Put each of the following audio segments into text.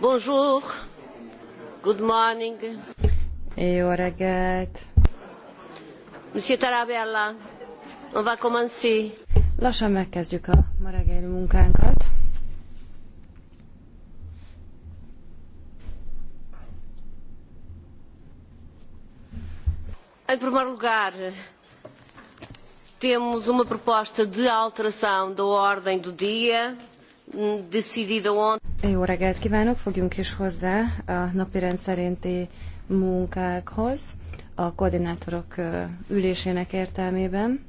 Bonjour. Good morning. Jó reggelt. Monsieur Tarabella, on va commencer. Lassan megkezdjük a ma reggeli munkánkat. Em primeiro lugar, temos uma proposta de alteração da ordem do dia decidida ontem. Jó reggelt kívánok, fogjunk is hozzá a napi rendszerinti munkákhoz a koordinátorok ülésének értelmében.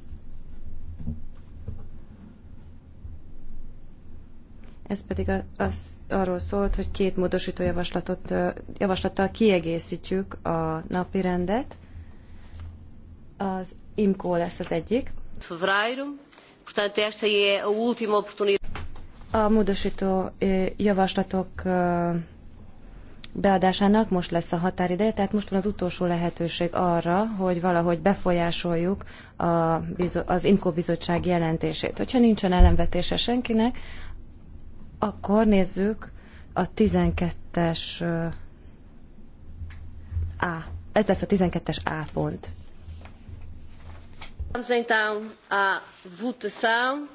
Ez pedig az, arról szólt, hogy két módosító javaslatot, javaslattal kiegészítjük a napi rendet. Az IMCO lesz az egyik. portanto esta é a última oportunidade. A módosító javaslatok beadásának most lesz a határideje, tehát most van az utolsó lehetőség arra, hogy valahogy befolyásoljuk a, az IMKO bizottság jelentését. Hogyha nincsen ellenvetése senkinek, akkor nézzük a 12-es A. Ez lesz a 12-es A pont. Vamos então à votação.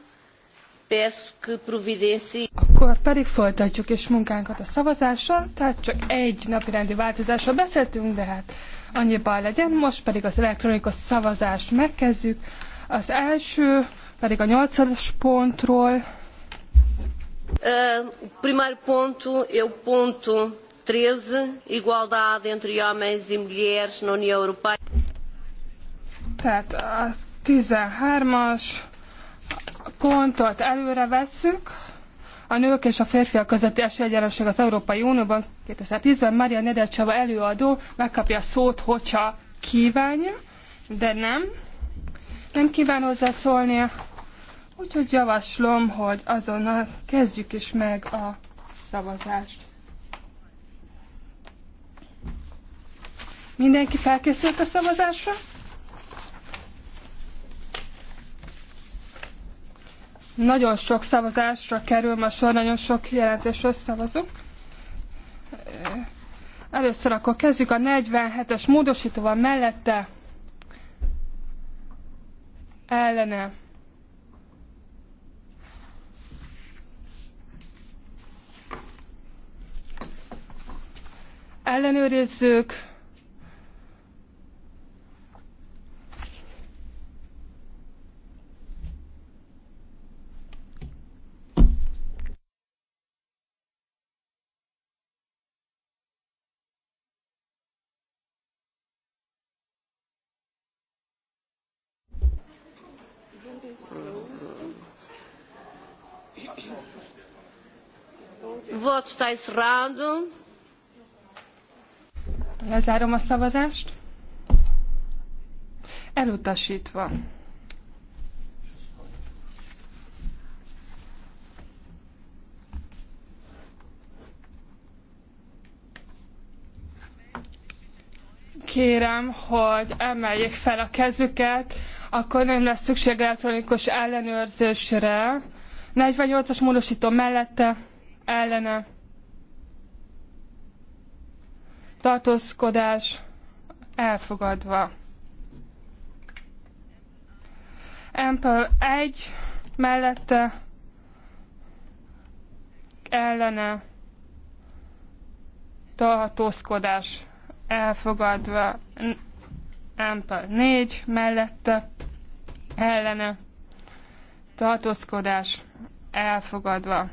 Akkor pedig folytatjuk is munkánkat a szavazással, tehát csak egy napi rendi változásra beszéltünk, de hát annyi baj legyen. Most pedig az elektronikus szavazást megkezdjük. Az első pedig a nyolcas pontról. Uh, primeiro ponto é ponto 13, igualdade entre homens e mulheres na União Europeia. Tehát a 13-as pontot előre vesszük, a nők és a férfiak közötti esélyegyenlőség az Európai Unióban 2010-ben Maria Nedelcseva előadó megkapja a szót, hogyha kívánja, de nem. Nem kíván hozzászólni, úgyhogy javaslom, hogy azonnal kezdjük is meg a szavazást. Mindenki felkészült a szavazásra? Nagyon sok szavazásra kerül ma sor, nagyon sok jelentésről szavazunk. Először akkor kezdjük a 47-es módosítóval mellette. Ellene. Ellenőrizzük. voto está encerrado. Lezárom a szavazást. Elutasítva. kérem, hogy emeljék fel a kezüket, akkor nem lesz szükség elektronikus ellenőrzésre. 48-as módosító mellette, ellene, tartózkodás elfogadva. Ample 1 mellette ellene tartózkodás elfogadva. Ample 4 mellette ellene tartózkodás elfogadva.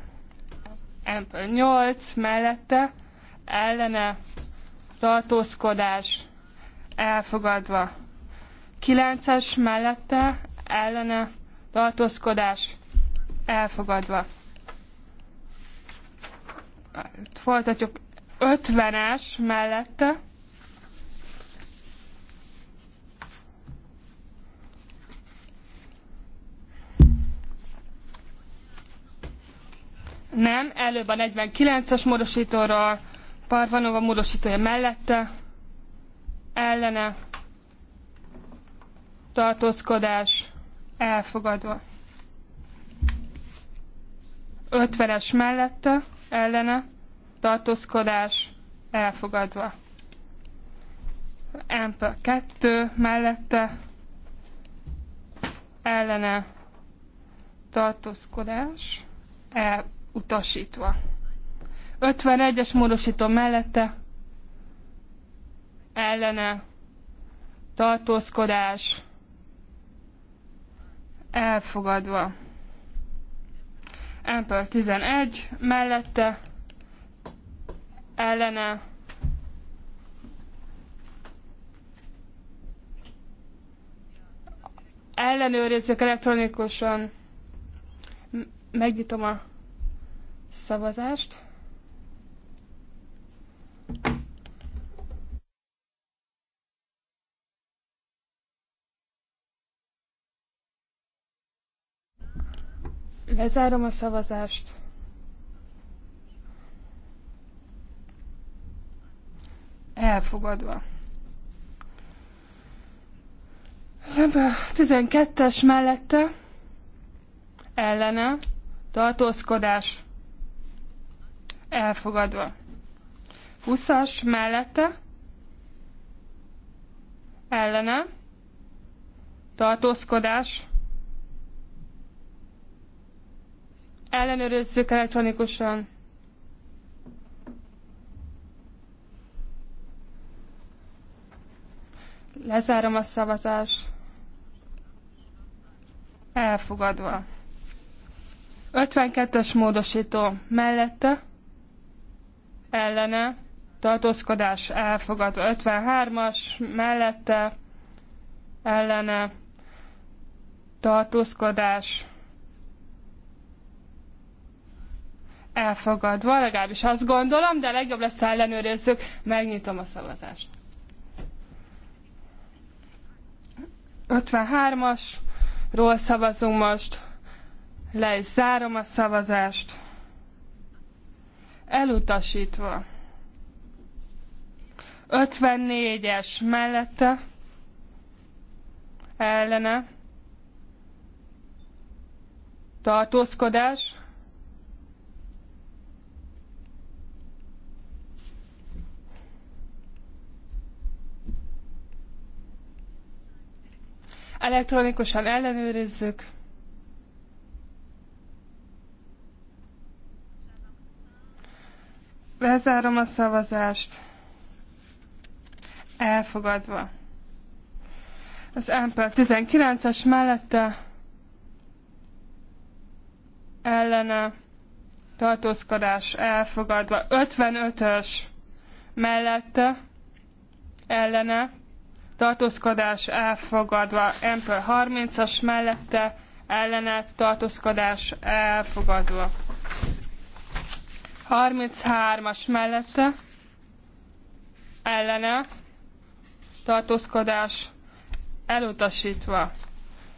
Ample 8 mellette ellene tartózkodás elfogadva. 9-es mellette ellene tartózkodás elfogadva. Folytatjuk 50-es mellette. Nem, előbb a 49-es módosítóról Parvanova módosítója mellette, ellene, tartózkodás, elfogadva. Ötveres mellette, ellene, tartózkodás, elfogadva. Ample 2 mellette, ellene, tartózkodás, elutasítva. 51-es módosító mellette ellene tartózkodás elfogadva. Emperor 11 mellette ellene ellenőrizzük elektronikusan. Megnyitom a szavazást. Lezárom a szavazást. Elfogadva. Az ember 12-es mellette ellene tartózkodás elfogadva. 20-as mellette ellene tartózkodás ellenőrizzük elektronikusan. Lezárom a szavazás Elfogadva. 52-es módosító mellette, ellene, tartózkodás elfogadva. 53-as mellette, ellene, tartózkodás elfogadva, legalábbis azt gondolom, de legjobb lesz, ha ellenőrizzük. Megnyitom a szavazást. 53-asról szavazunk most. Le is zárom a szavazást. Elutasítva. 54-es mellette. Ellene. Tartózkodás Elektronikusan ellenőrizzük. Lezárom a szavazást. Elfogadva. Az Ample 19-es mellette ellene tartózkodás elfogadva. 55-ös mellette ellene tartózkodás elfogadva, Ample 30-as mellette ellene tartózkodás elfogadva. 33-as mellette ellene tartózkodás elutasítva.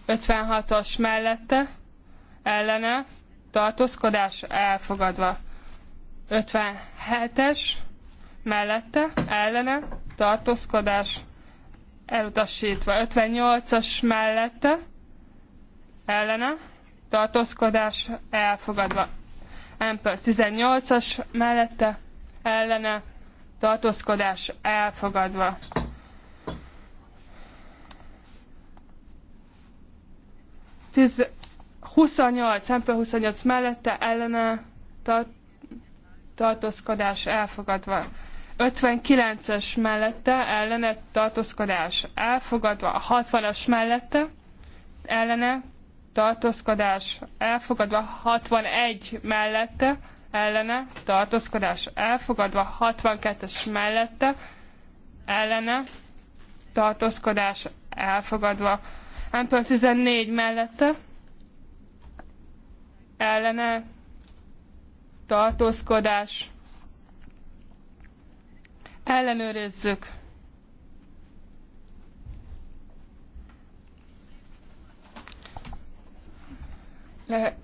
56-as mellette ellene tartózkodás elfogadva. 57-es mellette ellene tartózkodás elfogadva elutasítva. 58-as mellette ellene tartózkodás elfogadva. Ember 18-as mellette ellene tartózkodás elfogadva. Tiz 28, Ember 28 mellette ellene tart, tartózkodás elfogadva. 59-es mellette ellene tartózkodás elfogadva, 60-as mellette ellene tartózkodás elfogadva, 61 mellette ellene tartózkodás elfogadva, 62-es mellette ellene tartózkodás elfogadva, Ampel 14 mellette ellene tartózkodás ellenőrizzük. Le,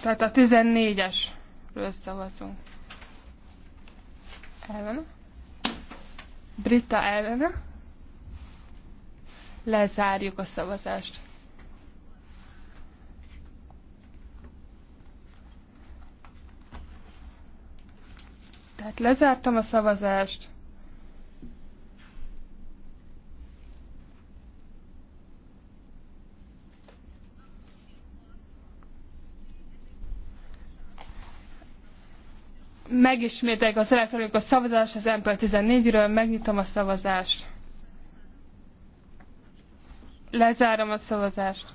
tehát a 14-esről szavazunk. Ellene. Brita ellene. Lezárjuk a szavazást. Tehát lezártam a szavazást. megismételjük az elektronikus szavazást az MP14-ről, megnyitom a szavazást. Lezárom a szavazást.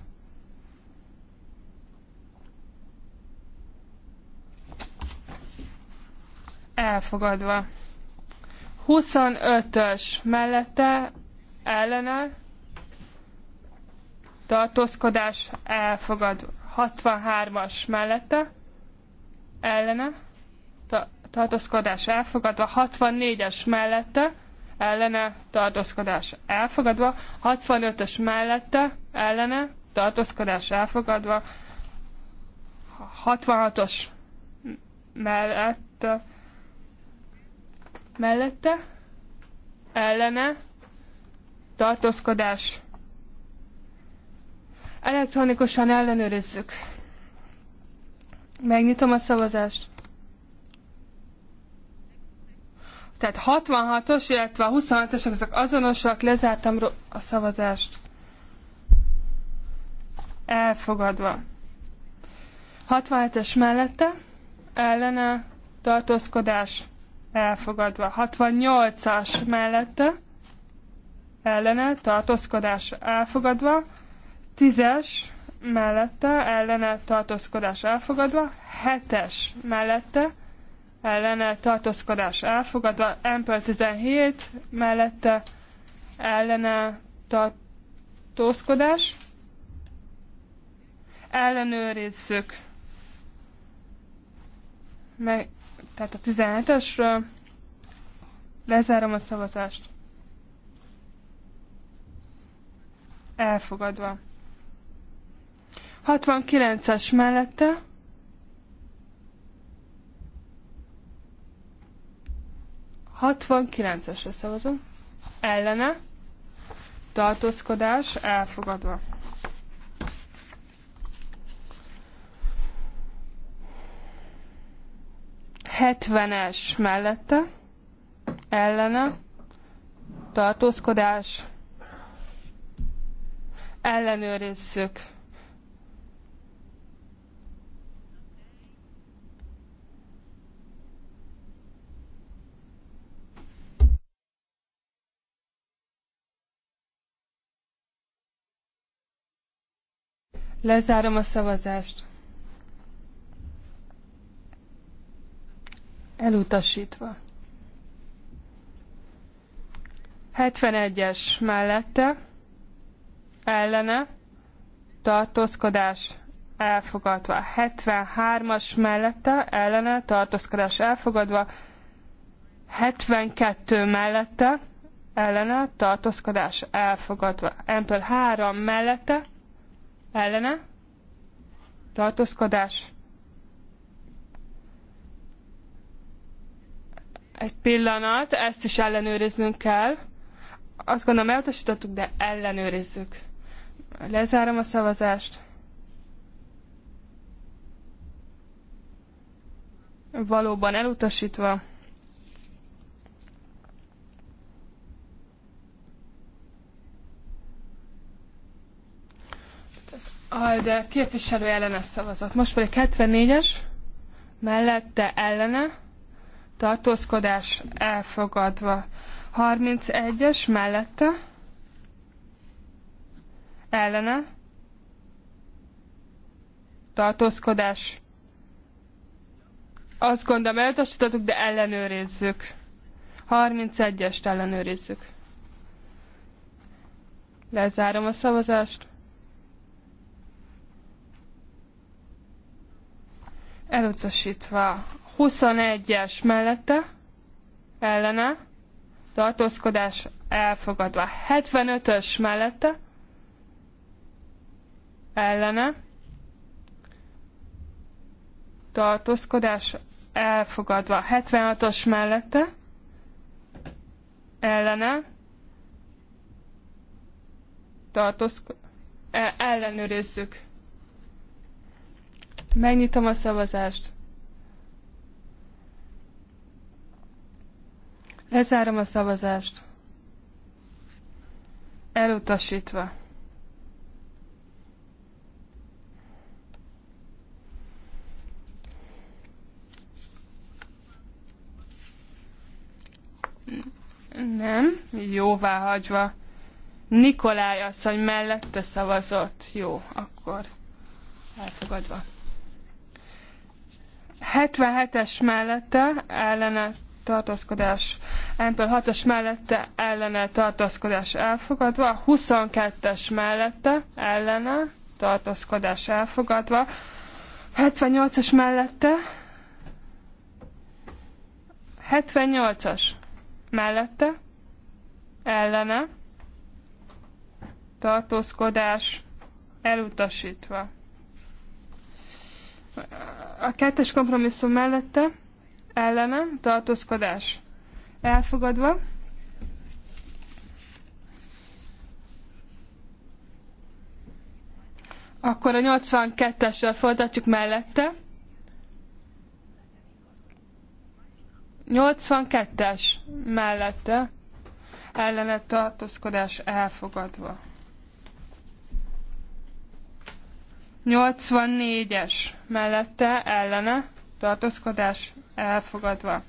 Elfogadva. 25-ös mellette ellene tartózkodás elfogadva. 63-as mellette ellene tartózkodás elfogadva, 64-es mellette, ellene tartózkodás elfogadva, 65-ös mellette, ellene tartózkodás elfogadva, 66-os mellette, mellette, ellene, tartózkodás. Elektronikusan ellenőrizzük. Megnyitom a szavazást. Tehát 66-os, illetve a 26-osok azok azonosak, lezártam a szavazást. Elfogadva. 67-es mellette, ellene, tartózkodás, elfogadva. 68-as mellette, ellene, tartózkodás, elfogadva. 10-es mellette, ellene, tartózkodás, elfogadva. 7-es mellette, ellene tartózkodás elfogadva, Ample 17 mellette ellene tartózkodás. Ellenőrizzük. Meg, tehát a 17-esről lezárom a szavazást. Elfogadva. 69-es mellette 69-esre szavazom. Ellene. Tartózkodás elfogadva. Hetvenes mellette. Ellene. Tartózkodás. Ellenőrizzük. Lezárom a szavazást. Elutasítva. 71-es mellette, ellene, tartózkodás elfogadva. 73-as mellette, ellene, tartózkodás elfogadva. 72 mellette, ellene, tartózkodás elfogadva. Ample 3 mellette, ellene, tartózkodás. Egy pillanat, ezt is ellenőriznünk kell. Azt gondolom elutasítottuk, de ellenőrizzük. Lezárom a szavazást. Valóban elutasítva. az ALDE képviselő ellene szavazott. Most pedig 74-es, mellette ellene, tartózkodás elfogadva. 31-es mellette, ellene, tartózkodás. Azt gondolom elutasítottuk, de ellenőrizzük. 31-est ellenőrizzük. Lezárom a szavazást. elutasítva 21-es mellette, ellene, tartózkodás elfogadva 75-ös mellette, ellene, tartózkodás elfogadva 76-os mellette, ellene, tartózkodás, e- ellenőrizzük Megnyitom a szavazást. Lezárom a szavazást. Elutasítva. Nem, jóvá hagyva. Nikolaj asszony mellette szavazott. Jó, akkor elfogadva. 77-es mellette ellene tartózkodás, Ample 6-os mellette ellene tartózkodás elfogadva, 22-es mellette ellene tartózkodás elfogadva, 78-as mellette 78-as mellette ellene tartózkodás elutasítva. A kettes kompromisszum mellette ellene tartózkodás elfogadva. Akkor a 82-essel folytatjuk mellette. 82-es mellette ellenet tartózkodás elfogadva. 84-es mellette ellene tartózkodás elfogadva.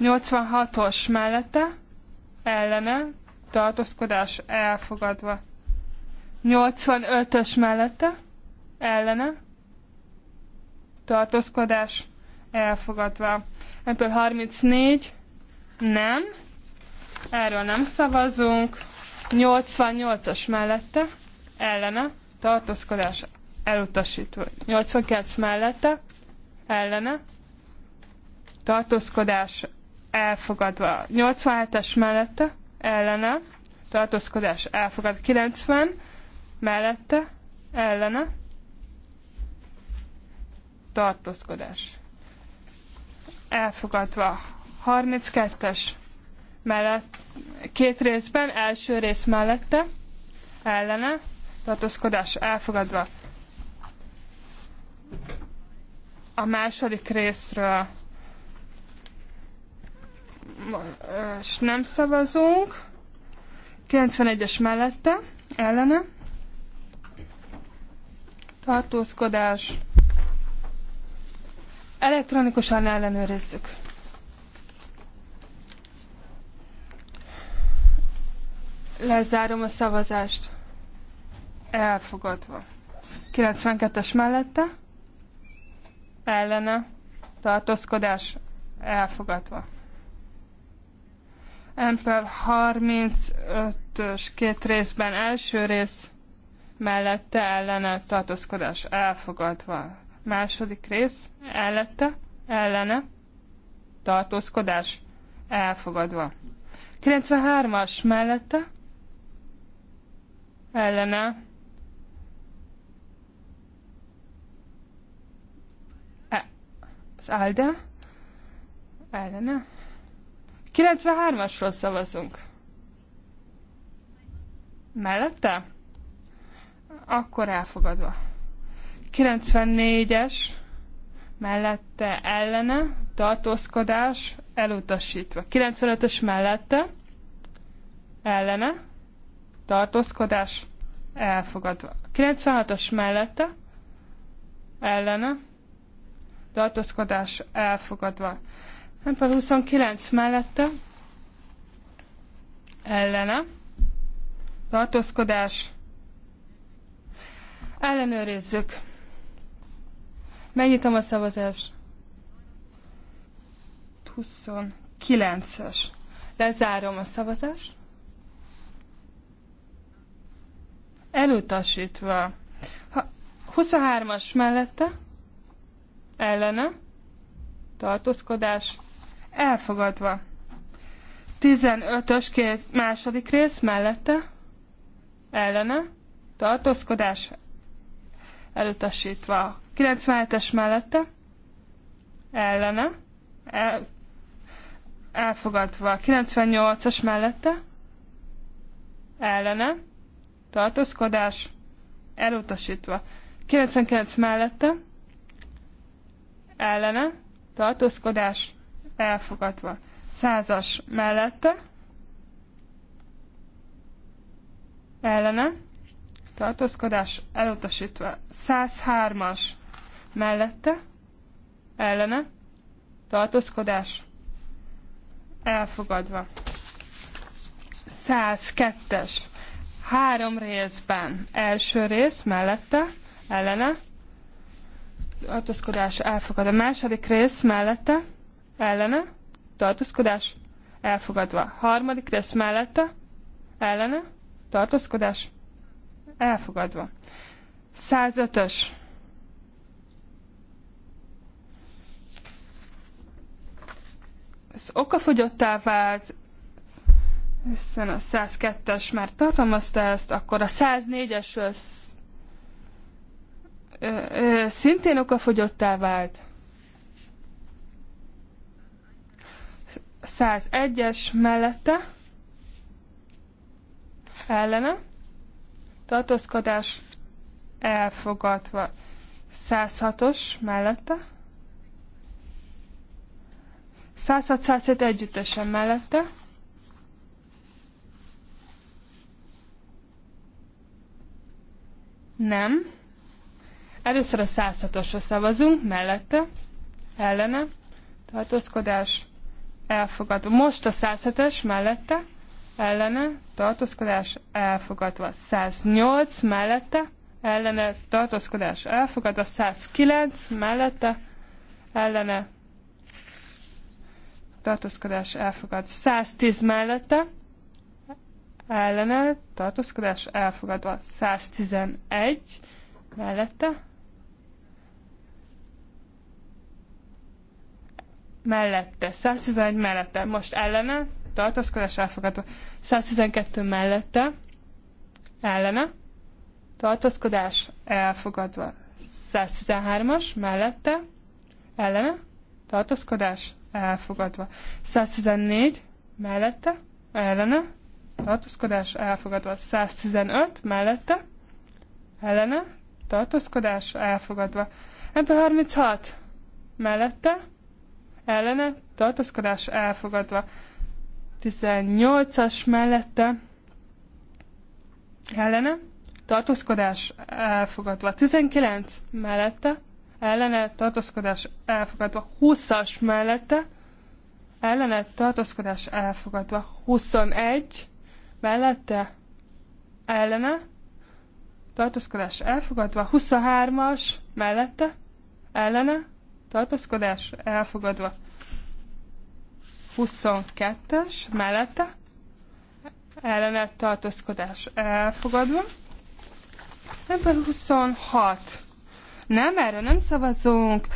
86-os mellette ellene tartózkodás elfogadva. 85-ös mellette ellene tartózkodás elfogadva. Ebből 34 nem. Erről nem szavazunk. 88-as mellette, ellene, tartózkodás elutasítva. 89 mellette, ellene, tartózkodás elfogadva. 87-es mellette, ellene, tartózkodás elfogadva. 90 mellette, ellene, tartózkodás elfogadva. 32-es mellett, két részben, első rész mellette, ellene, tartózkodás elfogadva. A második részről és nem szavazunk. 91-es mellette, ellene. Tartózkodás. Elektronikusan ellenőrizzük. Lezárom a szavazást. Elfogadva. 92-es mellette. Ellene. Tartózkodás. Elfogadva. Empel 35-ös két részben első rész mellette ellene tartózkodás elfogadva. Második rész ellette ellene tartózkodás elfogadva. 93-as mellette ellene e, az ALDE ellene 93-asról szavazunk mellette akkor elfogadva 94-es mellette ellene, tartózkodás elutasítva. 95-ös mellette ellene, tartózkodás elfogadva. 96-os mellette ellene tartózkodás elfogadva. Empel 29 mellette ellene tartózkodás ellenőrizzük. Megnyitom a szavazás. 29-es. Lezárom a szavazást. elutasítva. 23-as mellette ellene tartózkodás elfogadva. 15-ös két második rész mellette ellene tartózkodás elutasítva. 97-es mellette ellene el, elfogadva. 98-as mellette ellene tartózkodás elutasítva. 99 mellette ellene tartózkodás elfogadva. 100-as mellette ellene tartózkodás elutasítva. 103-as mellette ellene tartózkodás elfogadva. 102-es Három részben. Első rész mellette, ellene. Tartózkodás elfogadva, második rész mellette, ellene. Tartózkodás elfogadva. Harmadik rész mellette, ellene. Tartózkodás elfogadva. 105-ös. Ez okafogyottá vált, hiszen a 102-es már tartalmazta ezt, akkor a 104-es szintén okafogyottá vált. 101-es mellette ellene tartózkodás elfogadva. 106-os mellette 106-107 együttesen mellette Nem. Először a 106-osra szavazunk, mellette, ellene, tartózkodás, elfogadva. Most a 107-es mellette, ellene, tartózkodás, elfogadva. 108 mellette, ellene, tartózkodás, elfogadva. 109 mellette, ellene, tartózkodás, elfogadva. 110 mellette, ellene, tartózkodás elfogadva 111 mellette, mellette, 111 mellette, most ellene, tartózkodás elfogadva 112 mellette, ellene, tartózkodás elfogadva 113-as mellette, ellene, tartózkodás elfogadva 114 mellette, ellene, tartózkodás elfogadva 115 mellette, ellene, tartózkodás elfogadva. Ebből 36 mellette, ellene, tartózkodás elfogadva. 18-as mellette, ellene, tartózkodás elfogadva. 19 mellette, ellene, tartózkodás elfogadva. 20-as mellette, ellene, tartózkodás elfogadva. 21 mellette ellene, tartózkodás elfogadva, 23-as mellette ellene, tartózkodás elfogadva, 22-es mellette ellene, tartózkodás elfogadva, ebből 26. Nem, erről nem szavazunk.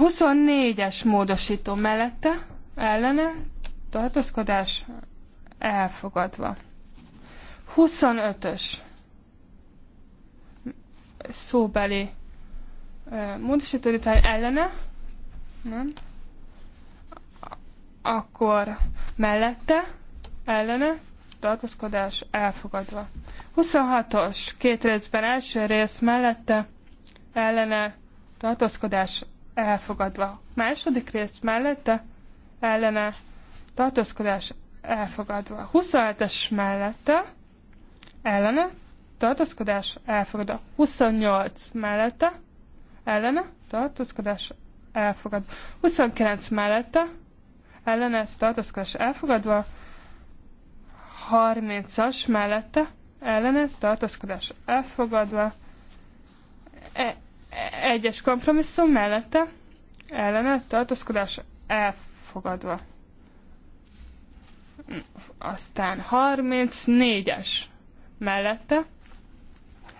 24-es módosító mellette ellene tartózkodás elfogadva. 25-ös szóbeli módosítani után ellene, nem? Akkor mellette, ellene, tartózkodás elfogadva. 26-os, két részben első rész mellette, ellene, tartózkodás elfogadva. Második rész mellette, ellene, tartózkodás elfogadva. 27-es mellette, ellene, tartózkodás elfogadva. 28 mellette, ellene, tartózkodás elfogadva. 29 mellette, ellene, tartózkodás elfogadva. 30-as mellette, ellene, tartózkodás elfogadva. E, e egyes kompromisszum mellette, ellene, tartózkodás elfogadva aztán 34-es mellette,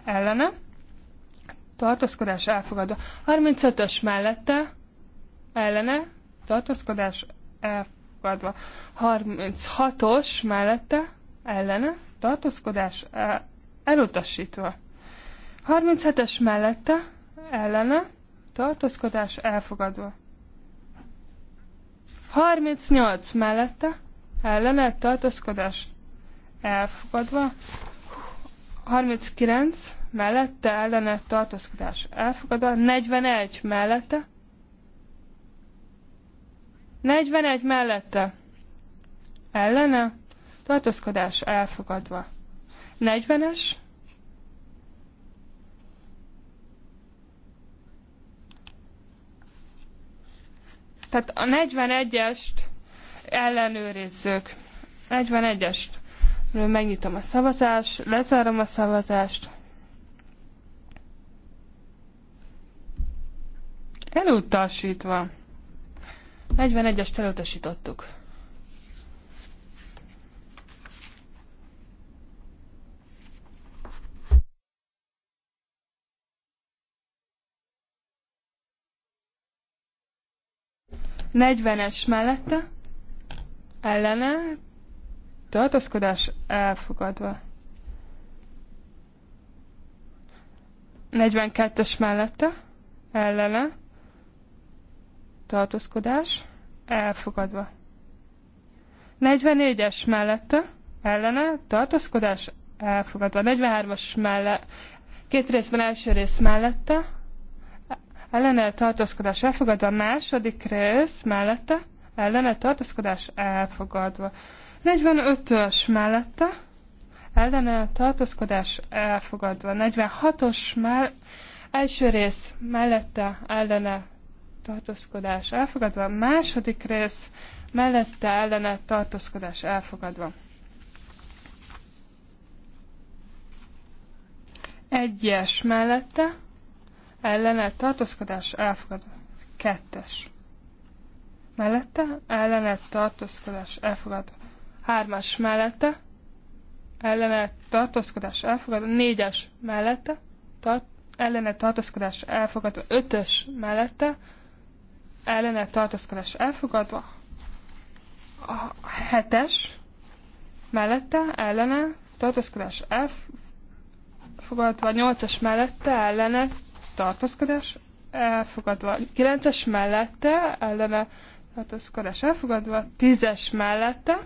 ellene, tartózkodás elfogadva. 35-ös mellette, ellene, tartózkodás elfogadva. 36-os mellette, ellene, tartózkodás elutasítva. 37-es mellette, ellene, tartózkodás elfogadva. 38 mellette, ellene tartózkodás elfogadva, 39 mellette ellene tartózkodás elfogadva, 41 mellette, 41 mellette ellene tartózkodás elfogadva, 40-es, tehát a 41 ellenőrizzük. 41-est. Megnyitom a szavazást, lezárom a szavazást. Elutasítva. 41-est elutasítottuk. Negyvenes mellette ellene, tartózkodás elfogadva. 42-es mellette, ellene, tartózkodás elfogadva. 44-es mellette, ellene, tartózkodás elfogadva. 43-as mellett, két részben első rész mellette, ellene, tartózkodás elfogadva, második rész mellette, ellene tartózkodás elfogadva. 45-ös mellette ellene tartózkodás elfogadva. 46-os mell első rész mellette ellene tartózkodás elfogadva. Második rész mellette ellene tartózkodás elfogadva. Egyes mellette ellene tartózkodás elfogadva. Kettes mellette, ellene tartózkodás elfogadva. Hármas mellette, ellene tartózkodás elfogadva. Négyes mellette, tart, ellene tartózkodás elfogadva. Ötös mellette, ellene tartózkodás elfogadva. A hetes mellette, ellene tartózkodás elfogadva. Nyolcas mellette, ellene tartózkodás elfogadva. Kilences mellette, ellene tartózkodás elfogadva, tízes mellette,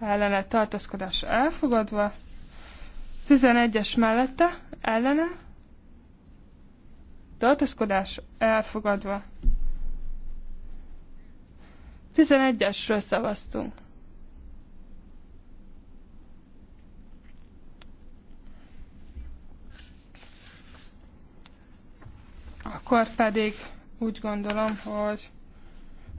ellene tartózkodás elfogadva, tizenegyes mellette, ellene tartózkodás elfogadva. Tizenegyesről szavaztunk. Akkor pedig úgy gondolom, hogy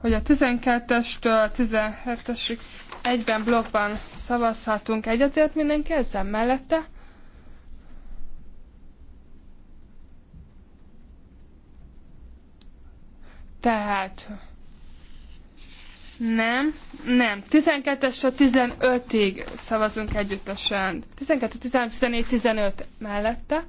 hogy a 12-estől 17-esig egyben blokkban szavazhatunk egyetért mindenki ezzel mellette. Tehát nem, nem. 12-estől 15-ig szavazunk együttesen. 12, 13, 14, 15 mellette.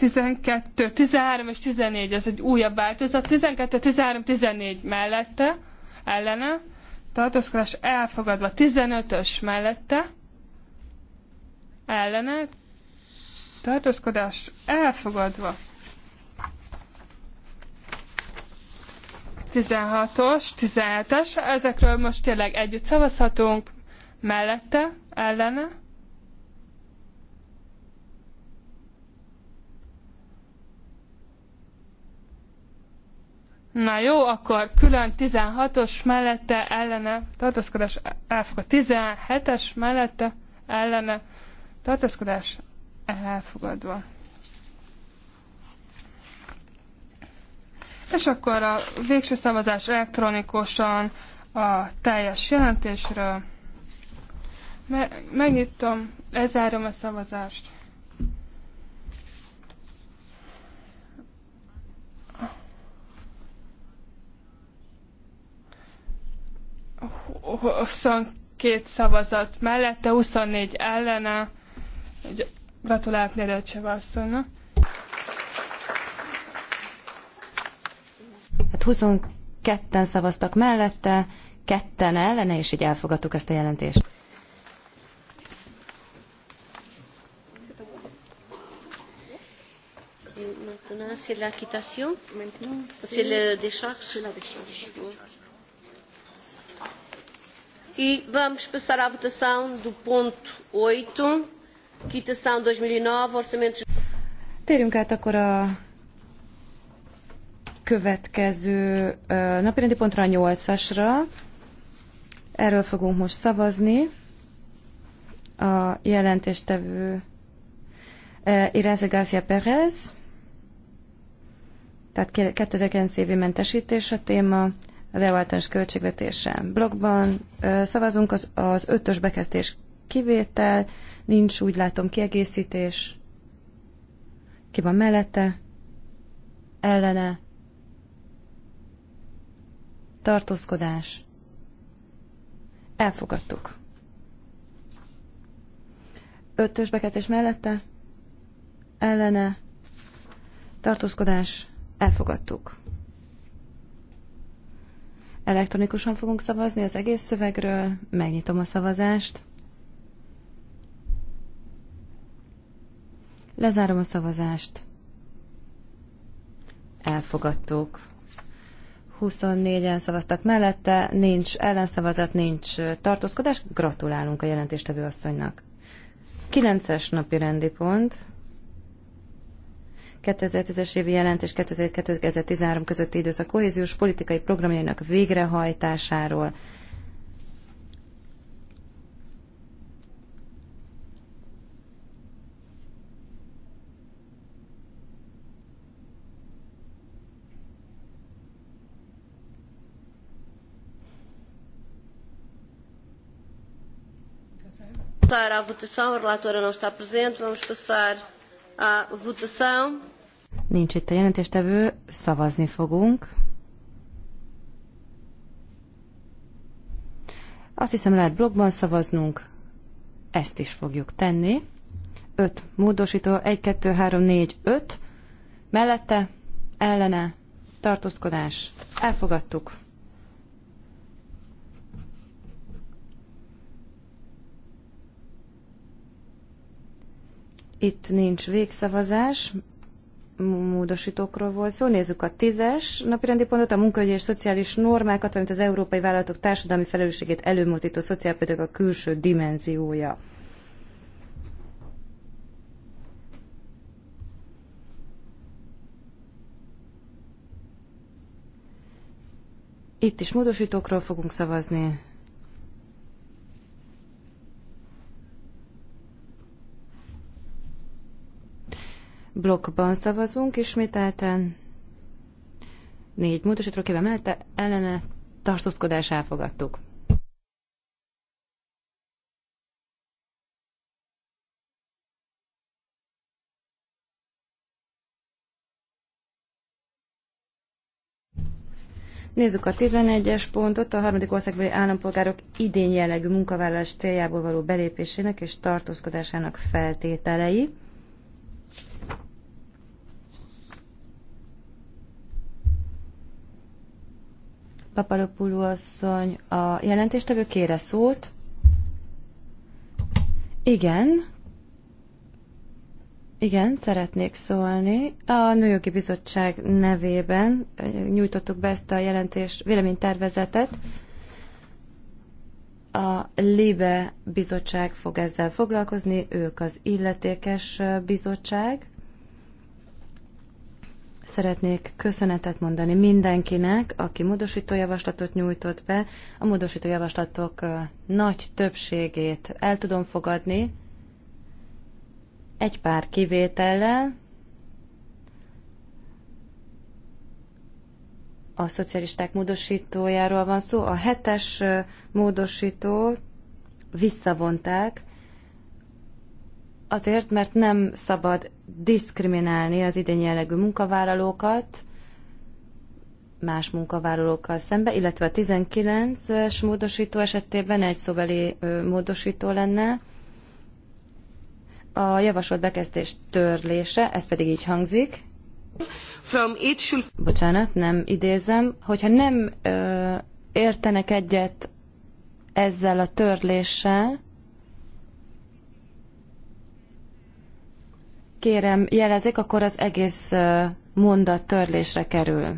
12, 13 és 14, ez egy újabb változat. 12, 13, 14 mellette, ellene, tartózkodás elfogadva. 15-ös mellette, ellene, tartózkodás elfogadva. 16-os, 17-es, ezekről most tényleg együtt szavazhatunk, mellette, ellene, Na jó, akkor külön 16-os mellette ellene tartózkodás elfogadva. 17-es mellette ellene tartózkodás elfogadva. És akkor a végső szavazás elektronikusan a teljes jelentésről. Me megnyitom, lezárom a szavazást. 22 szavazat mellette, 24 ellene. Gratulált Nedelcseva asszonynak. Hát 22-en szavaztak mellette, ketten ellene, és így elfogadtuk ezt a jelentést. Maintenant, c'est l'acquittation. Maintenant, c'est le décharge. C'est la décharge. E vamos passar à votação do ponto 8, quitação 2009, e orçamentos... Térjünk át akkor a következő napirendi pontra, a 8-asra. Erről fogunk most szavazni. A jelentéstevő Iránze García Pérez, tehát 2009 évi mentesítés a téma az elváltás költségvetése blogban. Szavazunk az, az ötös bekezdés kivétel, nincs úgy látom kiegészítés. Ki van mellette? Ellene? Tartózkodás? Elfogadtuk. Ötös bekezdés mellette? Ellene? Tartózkodás? Elfogadtuk. Elektronikusan fogunk szavazni az egész szövegről. Megnyitom a szavazást. Lezárom a szavazást. Elfogadtuk. 24-en szavaztak mellette, nincs ellenszavazat, nincs tartózkodás. Gratulálunk a jelentéstevő asszonynak. 9-es napi rendi pont. 2010-es évi jelentés 2007-2013 közötti időszak kohéziós politikai programjainak végrehajtásáról. a votação. O relator não está presente. Vamos passar a votação. Nincs itt a jelentéstevő, szavazni fogunk. Azt hiszem lehet blogban szavaznunk, ezt is fogjuk tenni. 5 módosító, 1, 2, 3, 4, 5, mellette, ellene, tartózkodás, elfogadtuk. Itt nincs végszavazás, módosítókról volt szó. Nézzük a tízes napirendi pontot, a munkaügyi és szociális normákat, valamint az európai vállalatok társadalmi felelősségét előmozdító szociálpedagóg a külső dimenziója. Itt is módosítókról fogunk szavazni. blokkban szavazunk ismételten. Négy módosító kíván mellette ellene tartózkodás elfogadtuk. Nézzük a 11-es pontot, a harmadik országbeli állampolgárok idén jellegű munkavállalás céljából való belépésének és tartózkodásának feltételei. Papalopulú asszony, a jelentéstevő kére szót. Igen. Igen, szeretnék szólni. A Nőjogi Bizottság nevében nyújtottuk be ezt a jelentés véleménytervezetet. A LIBE bizottság fog ezzel foglalkozni, ők az illetékes bizottság. Szeretnék köszönetet mondani mindenkinek, aki módosító javaslatot nyújtott be. A módosító javaslatok nagy többségét el tudom fogadni, egy pár kivétellel. A szocialisták módosítójáról van szó. A hetes módosító visszavonták, Azért, mert nem szabad diszkriminálni az idén jellegű munkavállalókat más munkavállalókkal szembe, illetve a 19-es módosító esetében egy szóbeli módosító lenne a javasolt bekezdés törlése, ez pedig így hangzik. From it should... Bocsánat, nem idézem. Hogyha nem ö, értenek egyet ezzel a törléssel, kérem jelezik, akkor az egész mondat törlésre kerül.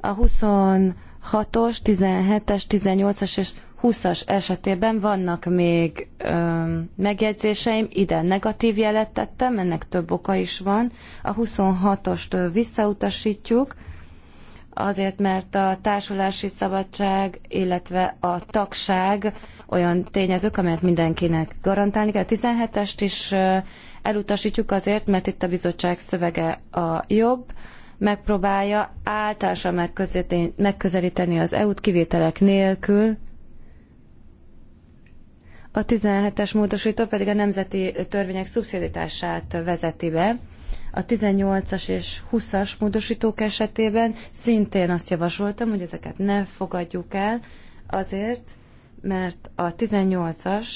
A 26-os, 17-es, 18-as és 20-as esetében vannak még ö, megjegyzéseim, ide negatív jelet tettem, ennek több oka is van. A 26-ost visszautasítjuk, azért, mert a társulási szabadság, illetve a tagság olyan tényezők, amelyet mindenkinek garantálni kell. A 17-est is elutasítjuk azért, mert itt a bizottság szövege a jobb, megpróbálja általánosan megközelíteni az EU-t kivételek nélkül, a 17-es módosító pedig a nemzeti törvények szubsziditását vezeti be. A 18-as és 20-as módosítók esetében szintén azt javasoltam, hogy ezeket ne fogadjuk el, azért, mert a 18-as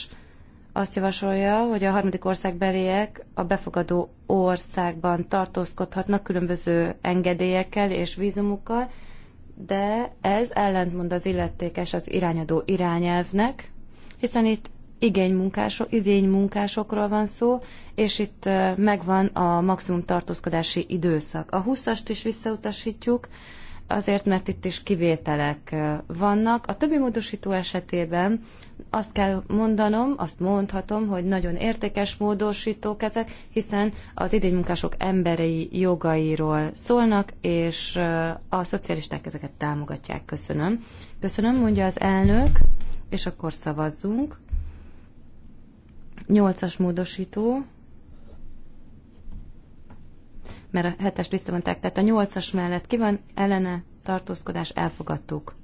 azt javasolja, hogy a harmadik országbeliek a befogadó országban tartózkodhatnak különböző engedélyekkel és vízumukkal, de ez ellentmond az illetékes az irányadó irányelvnek, hiszen itt igénymunkások, idénymunkásokról van szó, és itt megvan a maximum tartózkodási időszak. A 20-ast is visszautasítjuk, azért, mert itt is kivételek vannak. A többi módosító esetében azt kell mondanom, azt mondhatom, hogy nagyon értékes módosítók ezek, hiszen az idénymunkások emberi jogairól szólnak, és a szocialisták ezeket támogatják. Köszönöm. Köszönöm, mondja az elnök, és akkor szavazzunk. Nyolcas módosító, mert a hetest visszavonták, tehát a nyolcas mellett ki van, ellene, tartózkodás, elfogadtuk.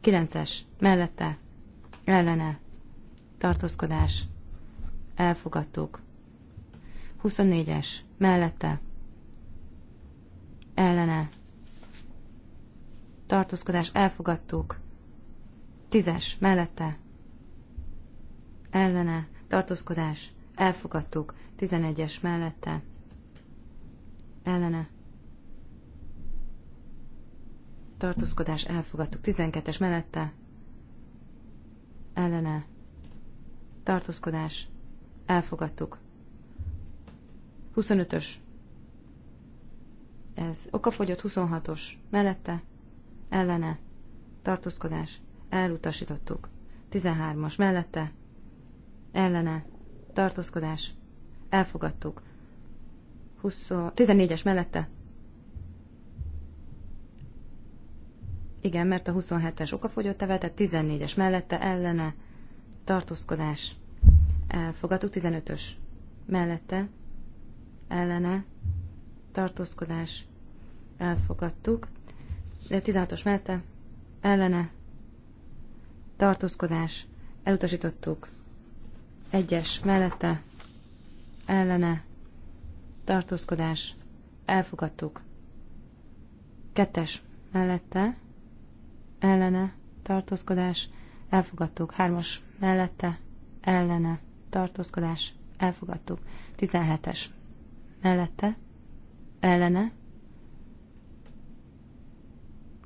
Kilences, mellette, ellene, tartózkodás, elfogadtuk. 24-es, mellette, ellene, tartózkodás, elfogadtuk. 10-es, mellette, ellene, tartózkodás, elfogadtuk. 11-es mellette, ellene, tartózkodás, elfogadtuk. 12-es mellette, ellene, tartózkodás, elfogadtuk. 25-ös, ez okafogyott 26-os, mellette, ellene, tartózkodás, elutasítottuk. 13-as mellette, ellene tartózkodás elfogadtuk. 20, 14-es mellette Igen, mert a 27-es okafogyott tevel, tehát 14-es mellette ellene tartózkodás elfogadtuk, 15-ös mellette ellene tartózkodás elfogadtuk, 16-os mellette ellene tartózkodás elutasítottuk, egyes mellette ellene tartózkodás elfogadtuk. Kettes mellette ellene tartózkodás elfogadtuk. Hármas mellette ellene tartózkodás elfogadtuk. Tizenhetes mellette ellene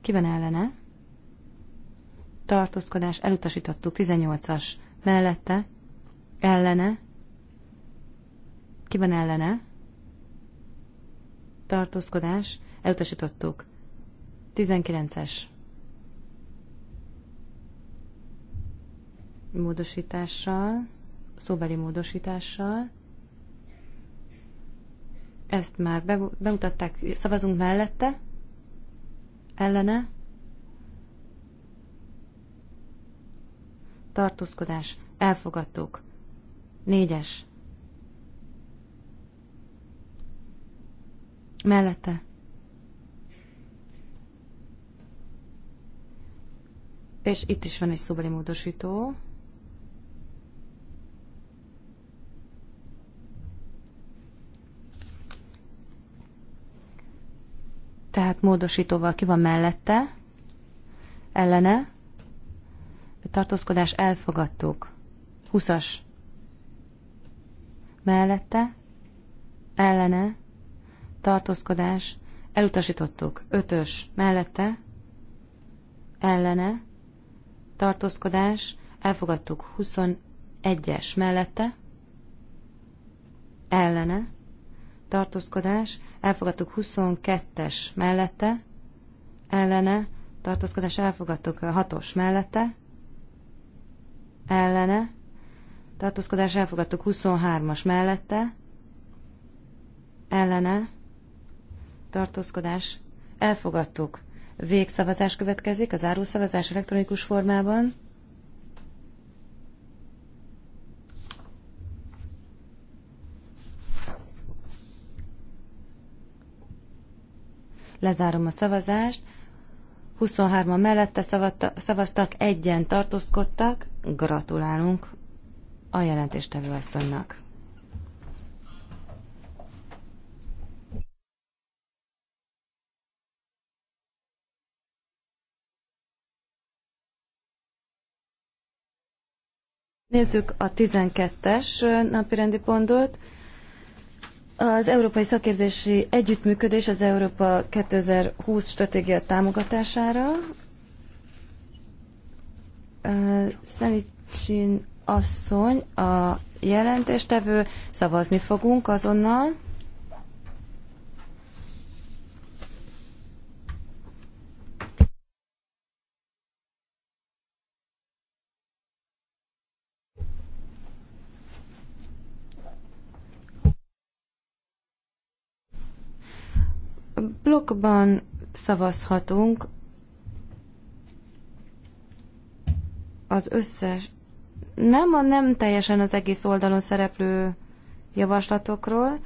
ki van ellene? Tartózkodás, elutasítottuk, tizennyolcas Mellette, Ellene. Ki van ellene? Tartózkodás. Elutasítottuk. 19-es. Módosítással. Szóbeli módosítással. Ezt már bemutatták. Szavazunk mellette. Ellene. Tartózkodás. Elfogadtuk. Négyes. Mellette. És itt is van egy szobeli módosító. Tehát módosítóval ki van mellette, ellene, tartózkodás elfogadtuk. 20-as mellette, ellene, tartózkodás, elutasítottuk. Ötös, mellette, ellene, tartózkodás, elfogadtuk. 21-es, mellette, ellene, tartózkodás, elfogadtuk 22-es mellette, ellene, tartózkodás, elfogadtuk 6-os mellette, ellene, tartózkodás elfogadtuk 23-as mellette, ellene, tartózkodás elfogadtuk. Végszavazás következik, az árószavazás elektronikus formában. Lezárom a szavazást. 23 a mellette szavaztak, egyen tartózkodtak. Gratulálunk a jelentéstevő asszonynak. Nézzük a 12-es napirendi pontot. Az Európai Szakképzési Együttműködés az Európa 2020 stratégia támogatására. Szenicsin asszony, a jelentéstevő, szavazni fogunk azonnal. Blokkban szavazhatunk az összes nem a nem teljesen az egész oldalon szereplő javaslatokról,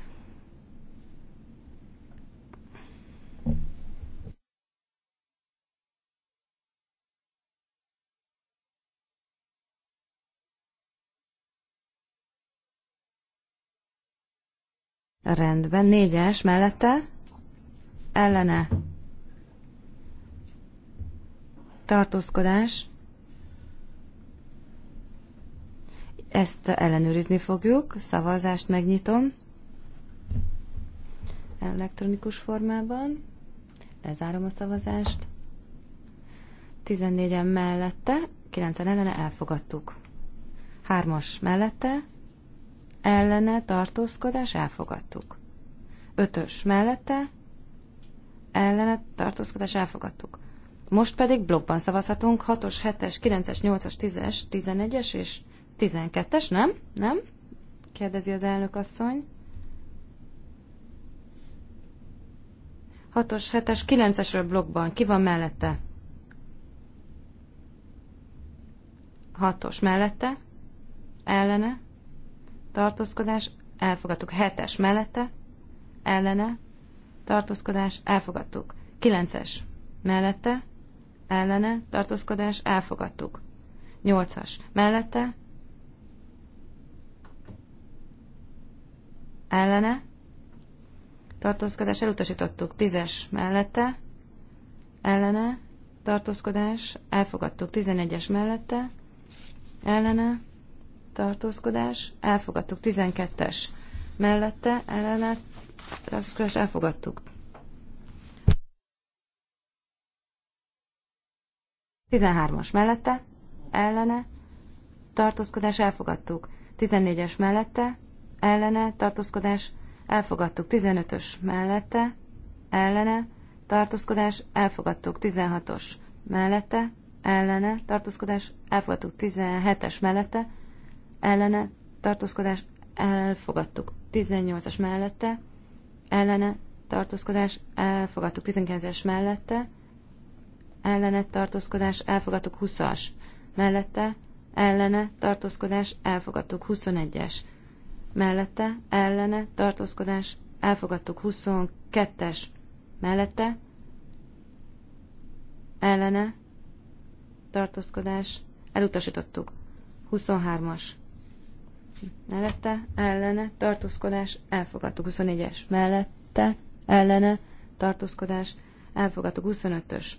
Rendben, négyes, mellette, ellene, tartózkodás, Ezt ellenőrizni fogjuk, szavazást megnyitom elektronikus formában. Lezárom a szavazást. 14-en mellette, 9-en ellene elfogadtuk. 3-as mellette, ellene tartózkodás elfogadtuk. 5-ös mellette, ellene tartózkodás elfogadtuk. Most pedig blokkban szavazhatunk 6-os, 7-es, 9-es, 8-as, 10-es, 11-es és 12-es, nem? Nem? Kérdezi az elnök asszony. 6-os, 7-es, 9-esről blokkban. Ki van mellette? 6-os mellette. Ellene. Tartózkodás. Elfogadtuk. 7-es mellette. Ellene. Tartózkodás. Elfogadtuk. 9-es mellette. Ellene. Tartózkodás. Elfogadtuk. 8-as mellette ellene, tartózkodás elutasítottuk tízes mellette, ellene, tartózkodás elfogadtuk tizenegyes mellette, ellene, tartózkodás elfogadtuk Tizenkettes mellette, ellene, tartózkodás elfogadtuk 13-as mellette, ellene, tartózkodás elfogadtuk. 14-es mellette, ellene, tartózkodás, elfogadtuk 15-ös mellette, ellene, tartózkodás, elfogadtuk 16-os mellette, ellene, tartózkodás, elfogadtuk 17-es mellette, ellene, tartózkodás, elfogadtuk 18-as mellette, ellene, tartózkodás, elfogadtuk 19-es mellette, ellene, tartózkodás, elfogadtuk 20-as mellette, ellene, tartózkodás, elfogadtuk 21-es mellette, ellene, tartózkodás, elfogadtuk 22-es mellette, ellene, tartózkodás, elutasítottuk 23-as mellette, ellene, tartózkodás, elfogadtuk 24-es mellette, ellene, tartózkodás, elfogadtuk 25-ös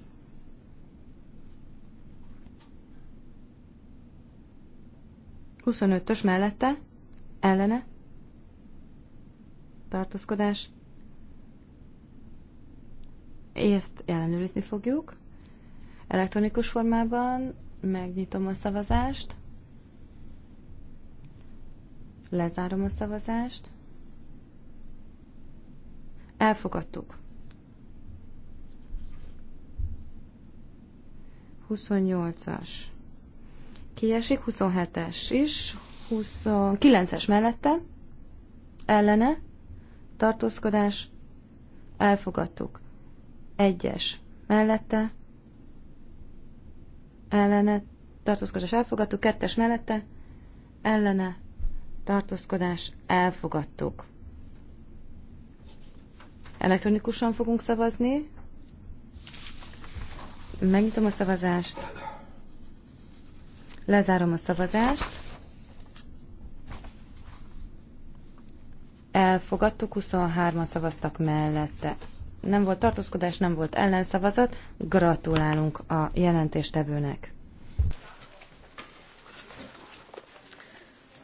Huszonötös mellette, ellene, tartózkodás, ezt ellenőrizni fogjuk. Elektronikus formában megnyitom a szavazást, lezárom a szavazást, elfogadtuk. 28-as. Kiesik 27-es is, 29-es mellette, ellene, tartózkodás, elfogadtuk. Egyes mellette, ellene, tartózkodás, elfogadtuk. Kettes mellette, ellene, tartózkodás, elfogadtuk. Elektronikusan fogunk szavazni. Megnyitom a szavazást. Lezárom a szavazást. elfogadtuk, 23-an szavaztak mellette. Nem volt tartózkodás, nem volt ellenszavazat. Gratulálunk a jelentéstevőnek.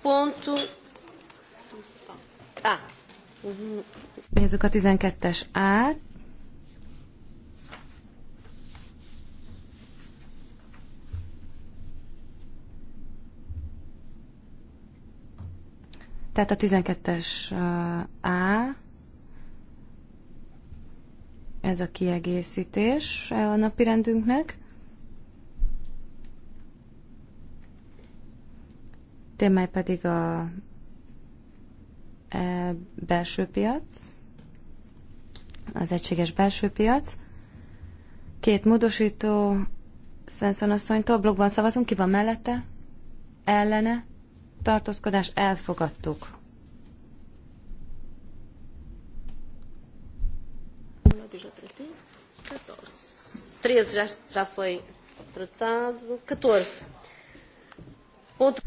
Pontu... Ah. Nézzük a 12-es át. Tehát a 12-es A, ez a kiegészítés a napirendünknek. Témáj pedig a e, belső piac, az egységes belső piac. Két módosító Svensson asszonytól, blogban szavazunk, ki van mellette? Ellene? tartózkodás elfogadtuk.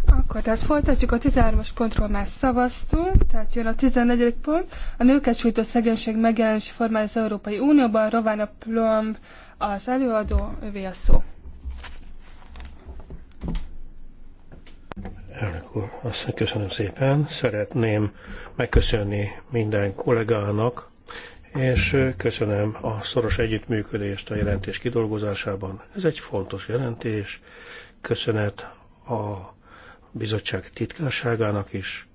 Akkor tehát folytatjuk, a 13-as pontról már szavaztunk, tehát jön a 14. pont. A nőket sújtó szegénység megjelenési formája az Európai Unióban, Rovana Plomb az előadó, ővé a szó. Elnök úr, azt köszönöm szépen. Szeretném megköszönni minden kollégának, és köszönöm a szoros együttműködést a jelentés kidolgozásában. Ez egy fontos jelentés. Köszönet a bizottság titkárságának is.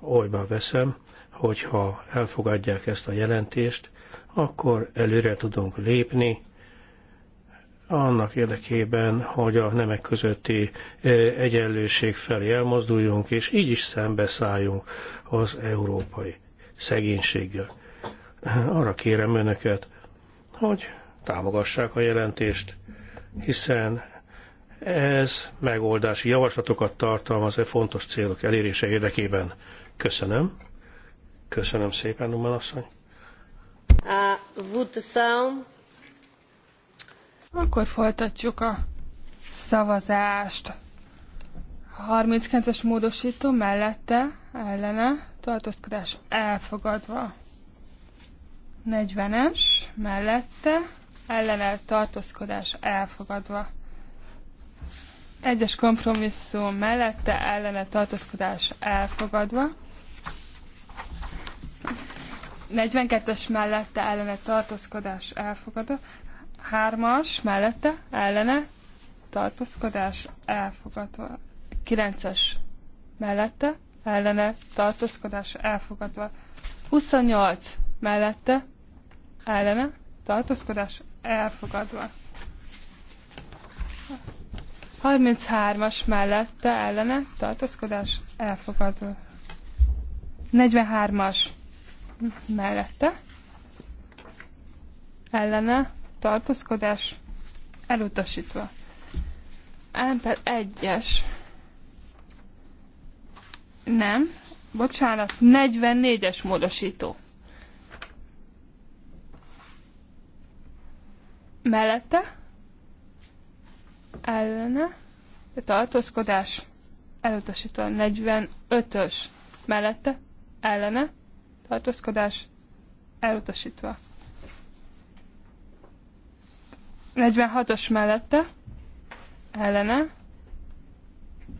Olyban veszem, hogyha elfogadják ezt a jelentést, akkor előre tudunk lépni, annak érdekében, hogy a nemek közötti e, egyenlőség felé elmozduljunk, és így is szembeszálljunk az európai szegénységgel. Arra kérem önöket, hogy támogassák a jelentést, hiszen ez megoldási javaslatokat tartalmaz e fontos célok elérése érdekében. Köszönöm. Köszönöm szépen, Numan asszony. A votação akkor folytatjuk a szavazást. 39-es módosító mellette, ellene, tartózkodás elfogadva. 40-es mellette, ellene, tartózkodás elfogadva. Egyes kompromisszum mellette, ellene, tartózkodás elfogadva. 42-es mellette ellene tartózkodás elfogadva, Hármas mellette, ellene, tartózkodás elfogadva. Kilences mellette, ellene, tartózkodás elfogadva. 28 mellette, ellene, tartózkodás elfogadva. 33-as mellette, ellene, tartózkodás elfogadva. 43-as mellette, ellene, tartózkodás elutasítva. Ámpel egyes, Nem, bocsánat, 44-es módosító. Mellette, ellene, tartózkodás elutasítva. 45-ös mellette, ellene, tartózkodás elutasítva. 46-os mellette, ellene,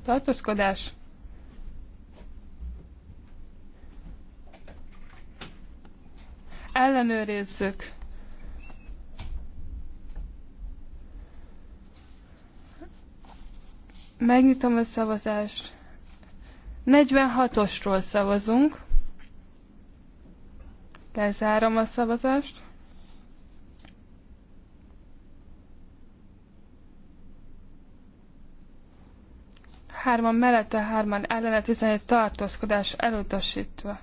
tartózkodás. Ellenőrizzük. Megnyitom a szavazást. 46-osról szavazunk. Lezárom a szavazást. hárman mellette, hárman ellene, egy tartózkodás elutasítva.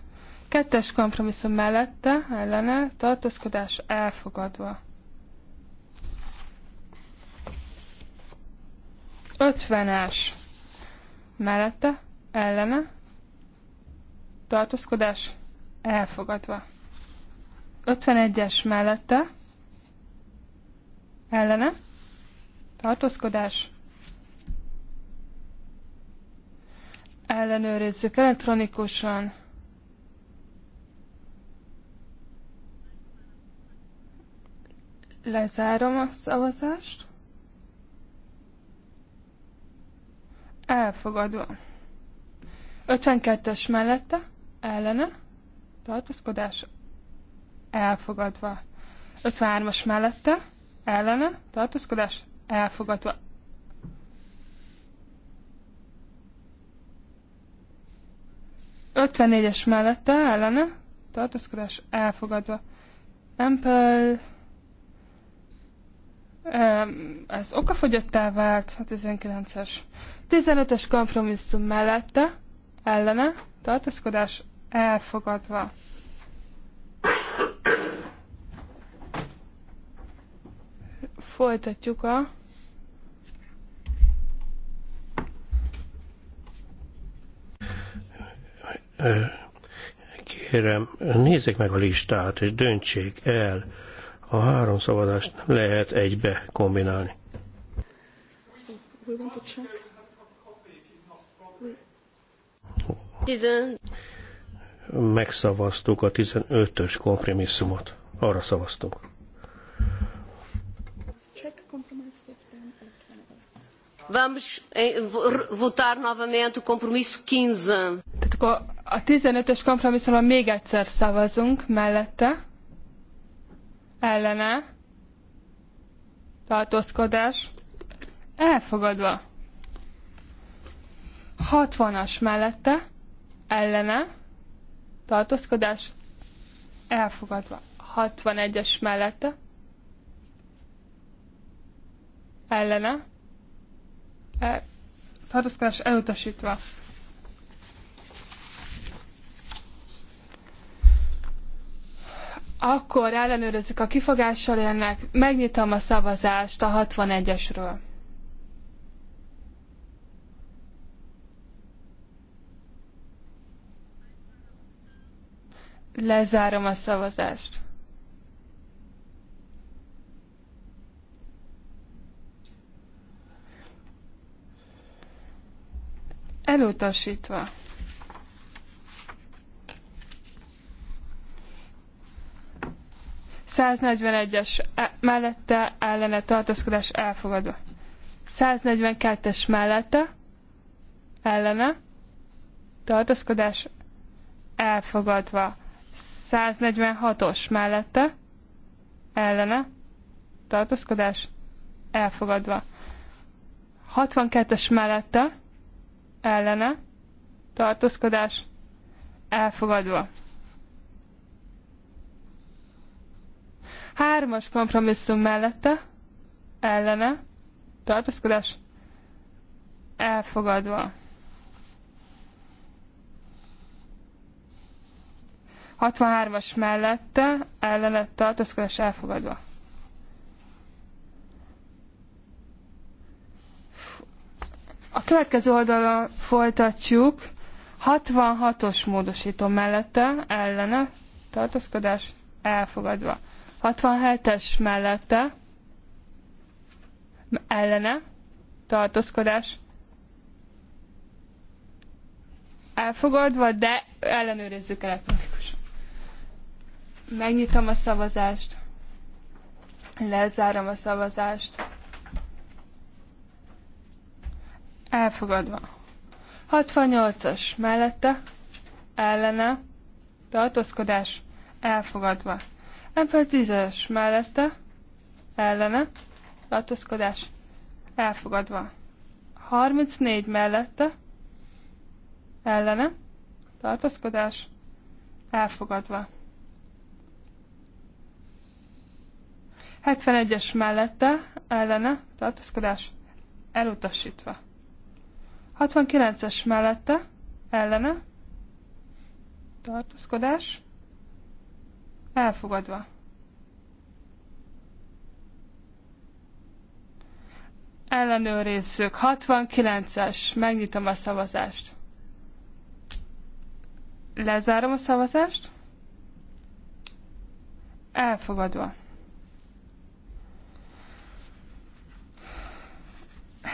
Kettes kompromisszum mellette, ellene, tartózkodás elfogadva. 50-es mellette, ellene, tartózkodás elfogadva. 51-es mellette, ellene, tartózkodás ellenőrizzük elektronikusan. Lezárom a szavazást. Elfogadva. 52-es mellette, ellene, tartózkodás, elfogadva. 53-as mellette, ellene, tartózkodás, elfogadva. 54-es mellette ellene tartózkodás elfogadva. Empel ez okafogyottá vált a 19-es. 15 es kompromisszum mellette ellene tartózkodás elfogadva. Folytatjuk a Kérem, nézzék meg a listát, és döntsék el. A három szavazást nem lehet egybe kombinálni. Megszavaztuk a 15-ös kompromisszumot. Arra szavaztunk. Vamos eh, votar novamente o compromisso 15. Tehát akkor a 15-ös kompromisszumon még egyszer szavazunk mellette. Ellene. Tartózkodás. Elfogadva. 60-as mellette. Ellene. Tartózkodás. Elfogadva. 61-es mellette. Ellene. E, tartózkodás elutasítva. Akkor ellenőrizzük a kifogással élnek. Megnyitom a szavazást a 61-esről. Lezárom a szavazást. Elutasítva. 141-es e, mellette ellene tartózkodás elfogadva. 142-es mellette ellene tartózkodás elfogadva. 146-os mellette ellene tartózkodás elfogadva. 62-es mellette ellene tartózkodás elfogadva. Hármas kompromisszum mellette, ellene, tartózkodás elfogadva. hatvanhármas mellette ellene tartózkodás elfogadva. A következő oldalon folytatjuk. 66-os módosító mellette ellene tartózkodás elfogadva. 67-es mellette ellene tartózkodás elfogadva, de ellenőrizzük elektronikusan. Megnyitom a szavazást, lezárom a szavazást. Elfogadva. 68-as mellette, ellene, tartózkodás, elfogadva. Ebből 10 mellette ellene tartózkodás elfogadva. 34 mellette ellene tartózkodás elfogadva. 71-es mellette ellene tartózkodás elutasítva. 69-es mellette ellene tartózkodás Elfogadva. Ellenőrizzük. 69-es. Megnyitom a szavazást. Lezárom a szavazást. Elfogadva.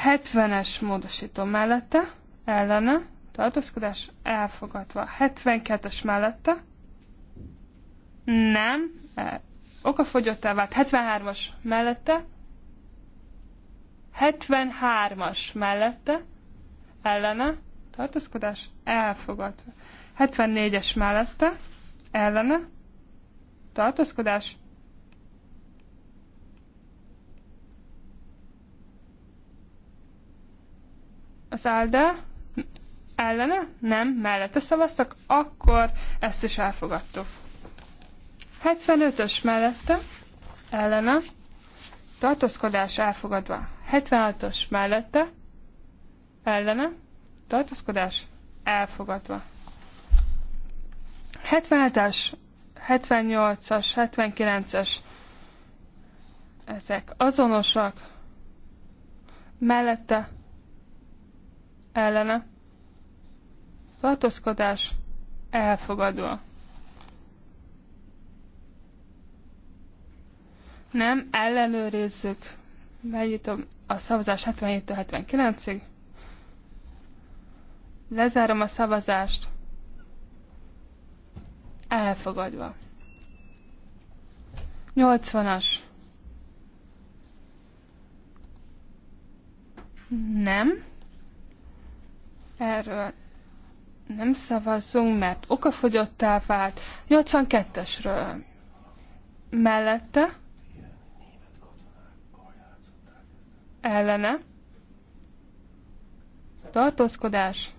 70-es módosítom mellette, ellene, tartózkodás elfogadva. 72-es mellette, nem. E, okafogyottá vált. 73-as mellette. 73-as mellette. Ellene. Tartózkodás elfogadva. 74-es mellette. Ellene. Tartózkodás az Álda ellene, nem, mellette szavaztak, akkor ezt is elfogadtuk. 75-ös mellette ellene tartózkodás elfogadva. 76-os mellette ellene tartózkodás elfogadva. 77-es, 78-as, 79-es ezek azonosak mellette ellene tartózkodás elfogadva. Nem, ellenőrizzük. Megnyitom a szavazás 77-től 79-ig. Lezárom a szavazást. Elfogadva. 80-as. Nem. Erről nem szavazzunk, mert okafogyottá vált. 82-esről mellette ellene, tartózkodás,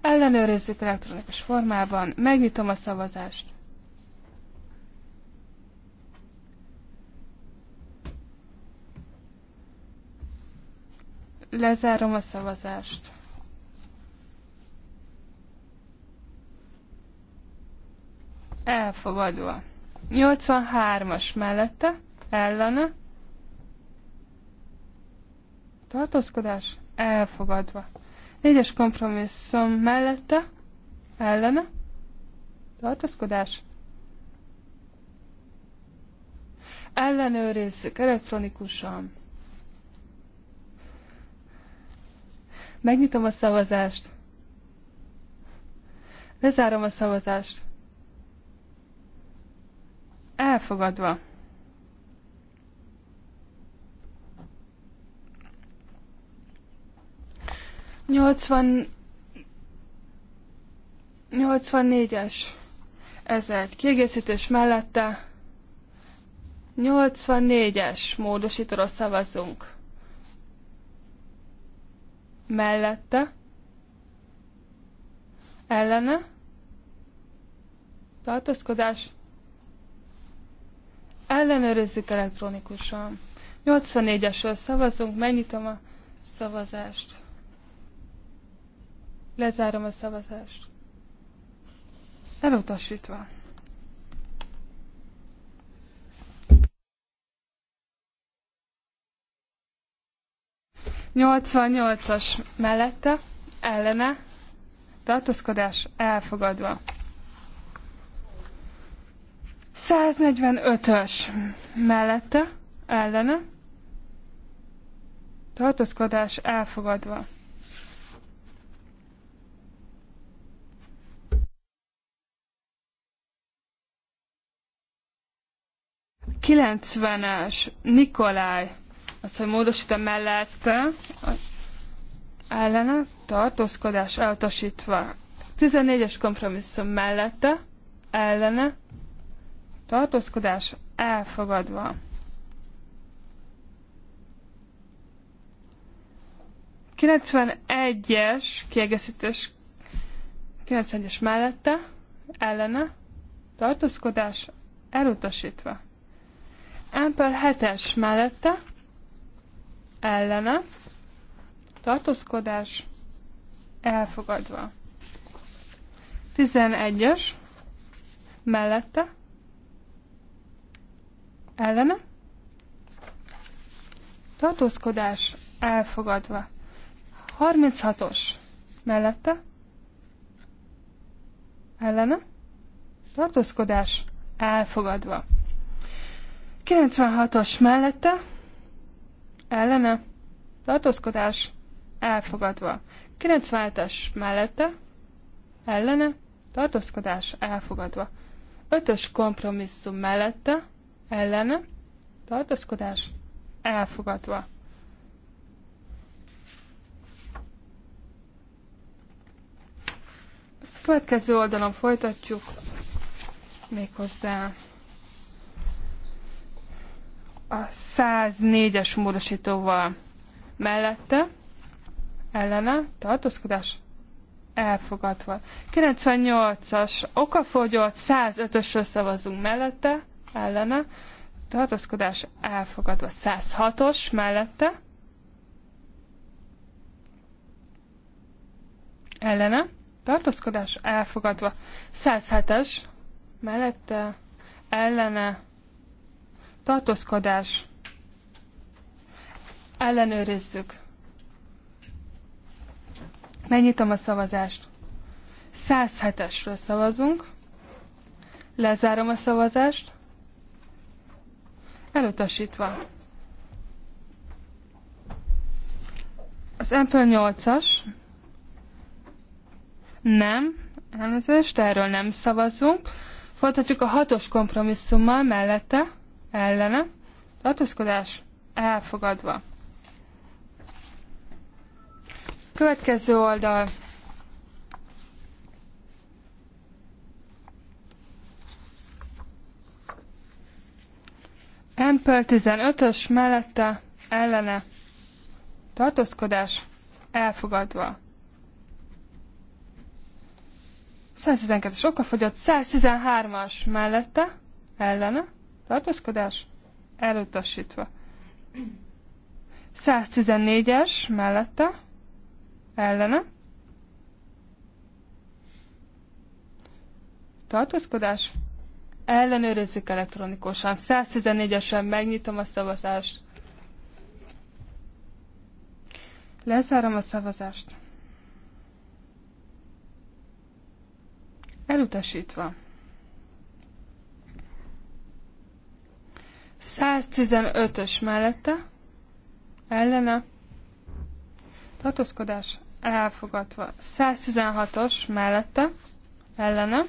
ellenőrizzük elektronikus formában, megnyitom a szavazást. Lezárom a szavazást. Elfogadva. 83-as mellette, ellene, tartózkodás elfogadva. Négyes kompromisszum mellette, ellene, tartózkodás. Ellenőrizzük elektronikusan. Megnyitom a szavazást. Lezárom a szavazást. Elfogadva. 80 84-es ez egy kiegészítés mellette 84-es módosítóra szavazunk. Mellette ellene tartózkodás ellenőrizzük elektronikusan. 84-esről szavazunk, megnyitom a szavazást. Lezárom a szavazást. Elutasítva. Nyolcvannyolcas mellette, ellene, tartózkodás elfogadva. 145-ös mellette, ellene, tartózkodás elfogadva. 90-es Nikolaj, azt, hogy módosítom mellette, ellene, tartózkodás elutasítva. 14-es kompromisszum mellette, ellene, tartózkodás elfogadva. kilencven es kiegészítés 91-es mellette, ellene, tartózkodás elutasítva. Ámpel 7-es mellette ellene tartózkodás elfogadva. 11-es mellette ellene tartózkodás elfogadva. 36-os mellette ellene tartózkodás elfogadva. 96-os mellette ellene tartózkodás elfogadva. 97-es mellette ellene tartózkodás elfogadva. 5-ös kompromisszum mellette ellene tartózkodás elfogadva. A következő oldalon folytatjuk méghozzá a 104-es módosítóval mellette, ellene, tartózkodás elfogadva. 98-as okafogyott, 105-ösről szavazunk mellette, ellene, tartózkodás elfogadva. 106-os mellette, ellene, tartózkodás elfogadva. 107-es mellette, ellene, tartózkodás, ellenőrizzük. Megnyitom a szavazást. 107-esről szavazunk. Lezárom a szavazást. Elutasítva. Az MP 8-as. Nem. Elnézést, erről nem szavazunk. Folytatjuk a hatos kompromisszummal mellette ellene, tartózkodás elfogadva. Következő oldal. Empel 15-ös mellette ellene tartózkodás elfogadva. 112-es okafogyott, 113-as mellette ellene tartózkodás elutasítva. 114-es mellette, ellene, tartózkodás, ellenőrizzük elektronikusan. 114-esen megnyitom a szavazást. Lezárom a szavazást. Elutasítva. 115-ös mellette ellene tartózkodás elfogadva. 116-os mellette ellene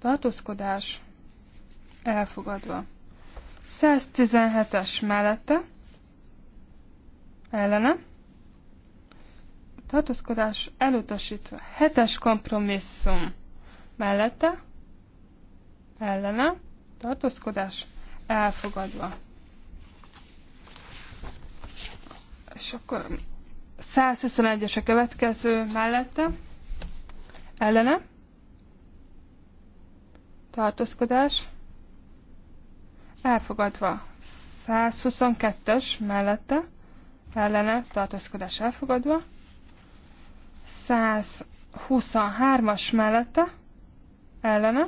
tartózkodás elfogadva. 117-es mellette ellene tartózkodás elutasítva. 7-es kompromisszum mellette ellene tartózkodás elfogadva. És akkor 121-es a következő mellette, ellene, tartózkodás, elfogadva. 122-es mellette, ellene, tartózkodás elfogadva. 123-as mellette, ellene,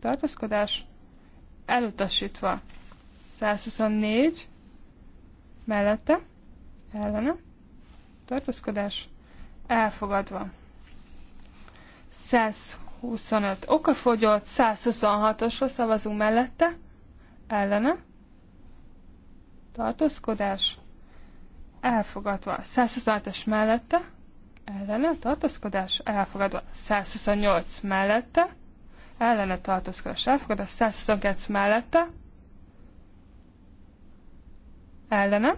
tartózkodás elutasítva. 124 mellette, ellene, tartózkodás, elfogadva. 125 okafogyott, 126-osra szavazunk mellette, ellene, tartózkodás, elfogadva. 126-os mellette, ellene, tartózkodás, elfogadva. 128 mellette, ellene sávkod, a 122 mellette ellene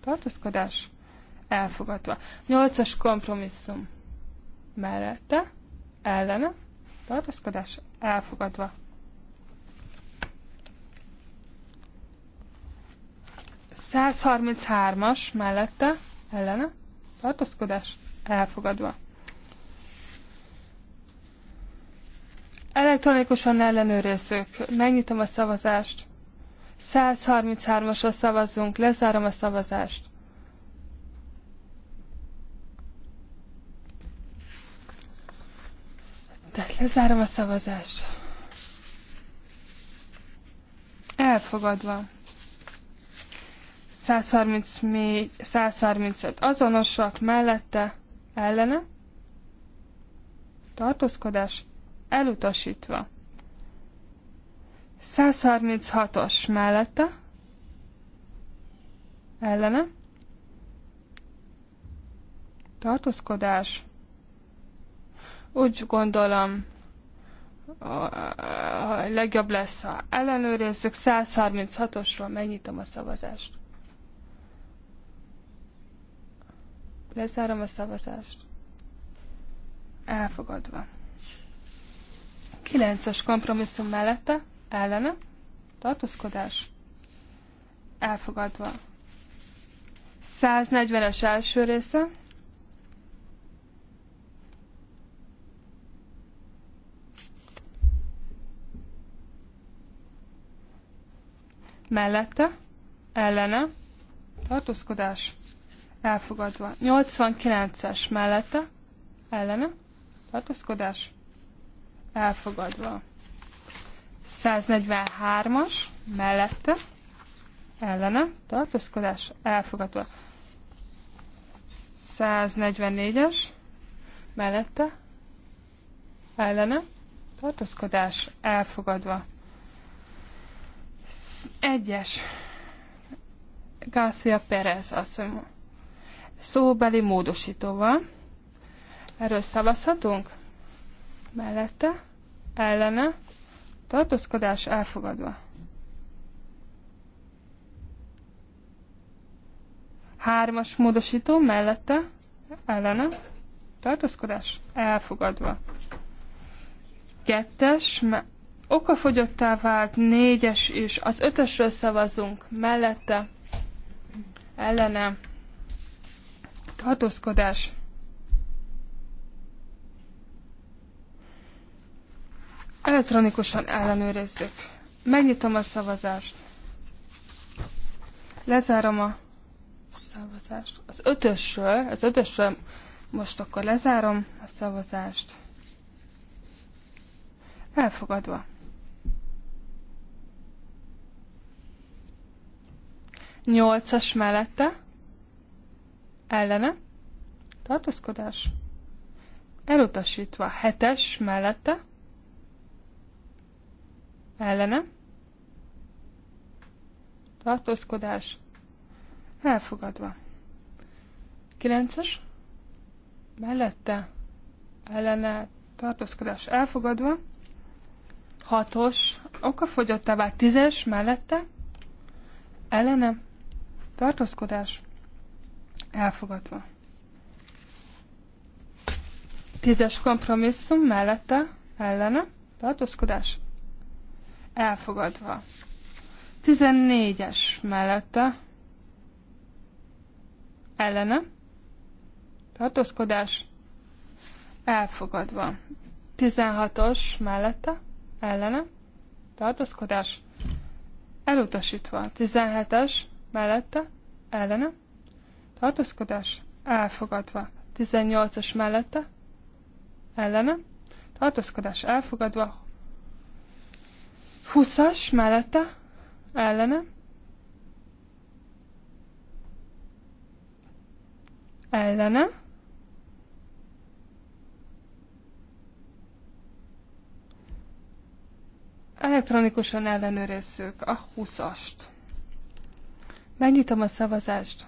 tartozkodás elfogadva. 8-as kompromisszum mellette ellene tartozkodás elfogadva. 133-as mellette ellene tartózkodás elfogadva. Elektronikusan ellenőrizzük. Megnyitom a szavazást. 133-asra szavazzunk. Lezárom a szavazást. De lezárom a szavazást. Elfogadva. 134, 135 azonosak mellette, ellene. Tartózkodás elutasítva. 136-os mellette, ellene, tartózkodás, úgy gondolom, a legjobb lesz, ha ellenőrizzük. 136-osról megnyitom a szavazást. Lezárom a szavazást. Elfogadva. Kilences kompromisszum mellette, ellene, tartózkodás, elfogadva. 140-es első része, mellette, ellene, tartózkodás, elfogadva. 89-es mellette, ellene, tartózkodás, elfogadva. 143-as mellette ellene tartózkodás elfogadva. 144-es mellette ellene tartózkodás elfogadva. Egyes. Garcia Perez mondja, Szóbeli módosítóval. Erről szavazhatunk? mellette, ellene, tartózkodás elfogadva. Hármas módosító mellette, ellene, tartózkodás elfogadva. Kettes, okafogyottá vált négyes is, az ötösről szavazunk mellette, ellene, tartózkodás Elektronikusan ellenőrizzük. Megnyitom a szavazást. Lezárom a szavazást. Az ötösről, az ötösről most akkor lezárom a szavazást. Elfogadva. Nyolcas mellette. Ellene. Tartózkodás. Elutasítva. Hetes mellette ellene, tartózkodás, elfogadva. 9-es, mellette, ellene, tartózkodás, elfogadva. 6-os, okafogyottá vált 10-es, mellette, ellene, tartózkodás, elfogadva. 10-es kompromisszum, mellette, ellene, tartózkodás, elfogadva. 14-es mellette ellene tartózkodás elfogadva. 16-os mellette ellene tartózkodás elutasítva. 17-es mellette ellene tartózkodás elfogadva. 18-as mellette ellene tartózkodás elfogadva. 20 mellette, ellene. Ellene. Elektronikusan ellenőrizzük a 20-ast. Megnyitom a szavazást.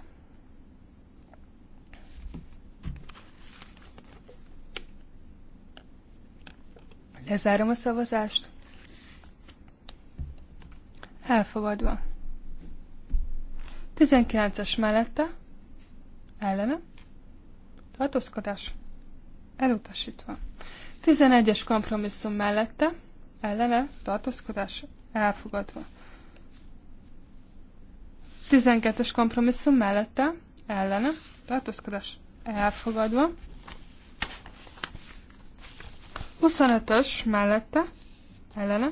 Lezárom a szavazást. Elfogadva. 19-es mellette. Ellene. Tartózkodás. Elutasítva. 11-es kompromisszum mellette. Ellene. Tartózkodás. Elfogadva. 12-es kompromisszum mellette. Ellene. Tartózkodás. Elfogadva. 25-ös mellette. Ellene.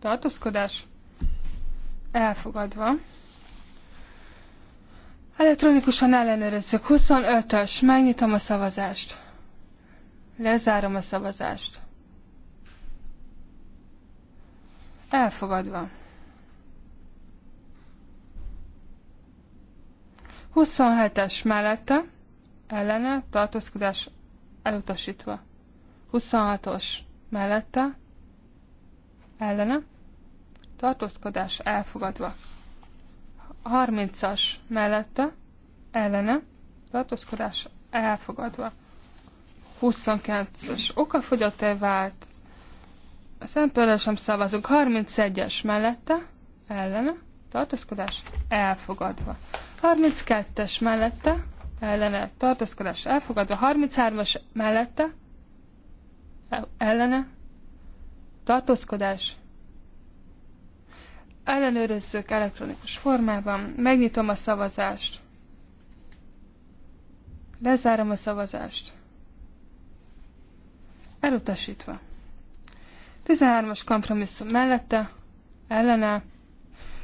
Tartózkodás elfogadva. Elektronikusan ellenőrizzük. 25-ös. Megnyitom a szavazást. Lezárom a szavazást. Elfogadva. 27-es mellette, ellene, tartózkodás elutasítva. 26-os mellette, ellene, tartózkodás elfogadva. 30-as mellette, ellene, tartózkodás elfogadva. 29 as okafogyott -e vált, a szempőről sem szavazunk, 31-es mellette, ellene, tartózkodás elfogadva. 32-es mellette, ellene, tartózkodás elfogadva. 33-as mellette, ellene, tartózkodás ellenőrizzük elektronikus formában. Megnyitom a szavazást. Lezárom a szavazást. Elutasítva. 13-as kompromisszum mellette, ellene,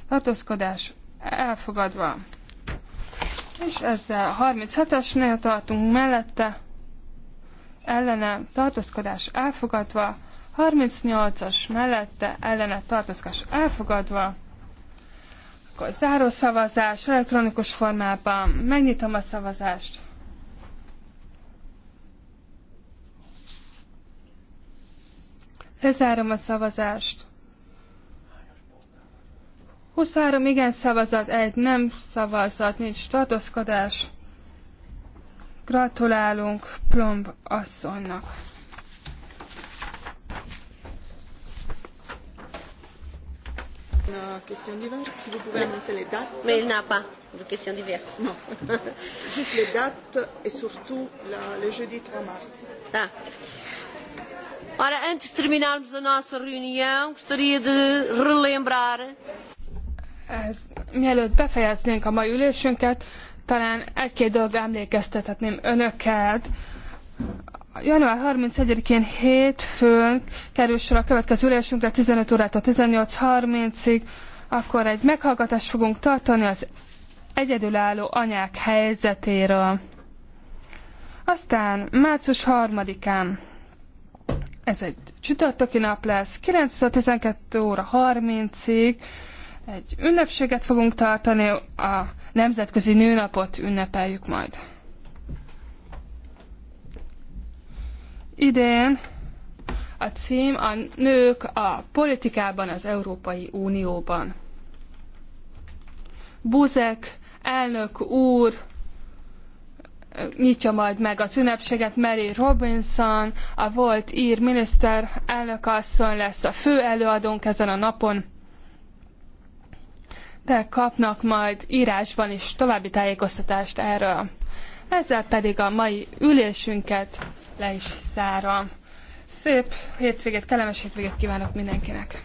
tartózkodás elfogadva. És ezzel 37-esnél tartunk mellette, ellene, tartózkodás elfogadva, 38-as mellette ellene tartozkás elfogadva. Akkor záró szavazás elektronikus formában. Megnyitom a szavazást. Lezárom a szavazást. 23 igen szavazat, egy nem szavazat, nincs tartózkodás. Gratulálunk Plomb asszonynak. Une question diverse, si vous pouvez annoncer les dates. Mais il n'a pas de questions diverses. Non. Juste les dates et surtout la, le jeudi 3 mars. Tá. Ah. Ora, antes de terminarmos a nossa reunião, gostaria de relembrar. mielőtt befejeznénk a mai ülésünket, talán egy-két dologra emlékeztethetném önöket január 31-én hétfőn kerül sor a következő ülésünkre 15 órától 18.30-ig, akkor egy meghallgatást fogunk tartani az egyedülálló anyák helyzetéről. Aztán március 3-án ez egy csütörtöki nap lesz, 9-12 óra 30-ig egy ünnepséget fogunk tartani, a Nemzetközi Nőnapot ünnepeljük majd. idén a cím a nők a politikában az Európai Unióban. Buzek elnök úr nyitja majd meg az ünnepséget, Mary Robinson, a volt ír miniszter elnök asszony lesz a fő előadónk ezen a napon. De kapnak majd írásban is további tájékoztatást erről. Ezzel pedig a mai ülésünket le is zárom. Szép hétvégét, kellemes hétvégét kívánok mindenkinek!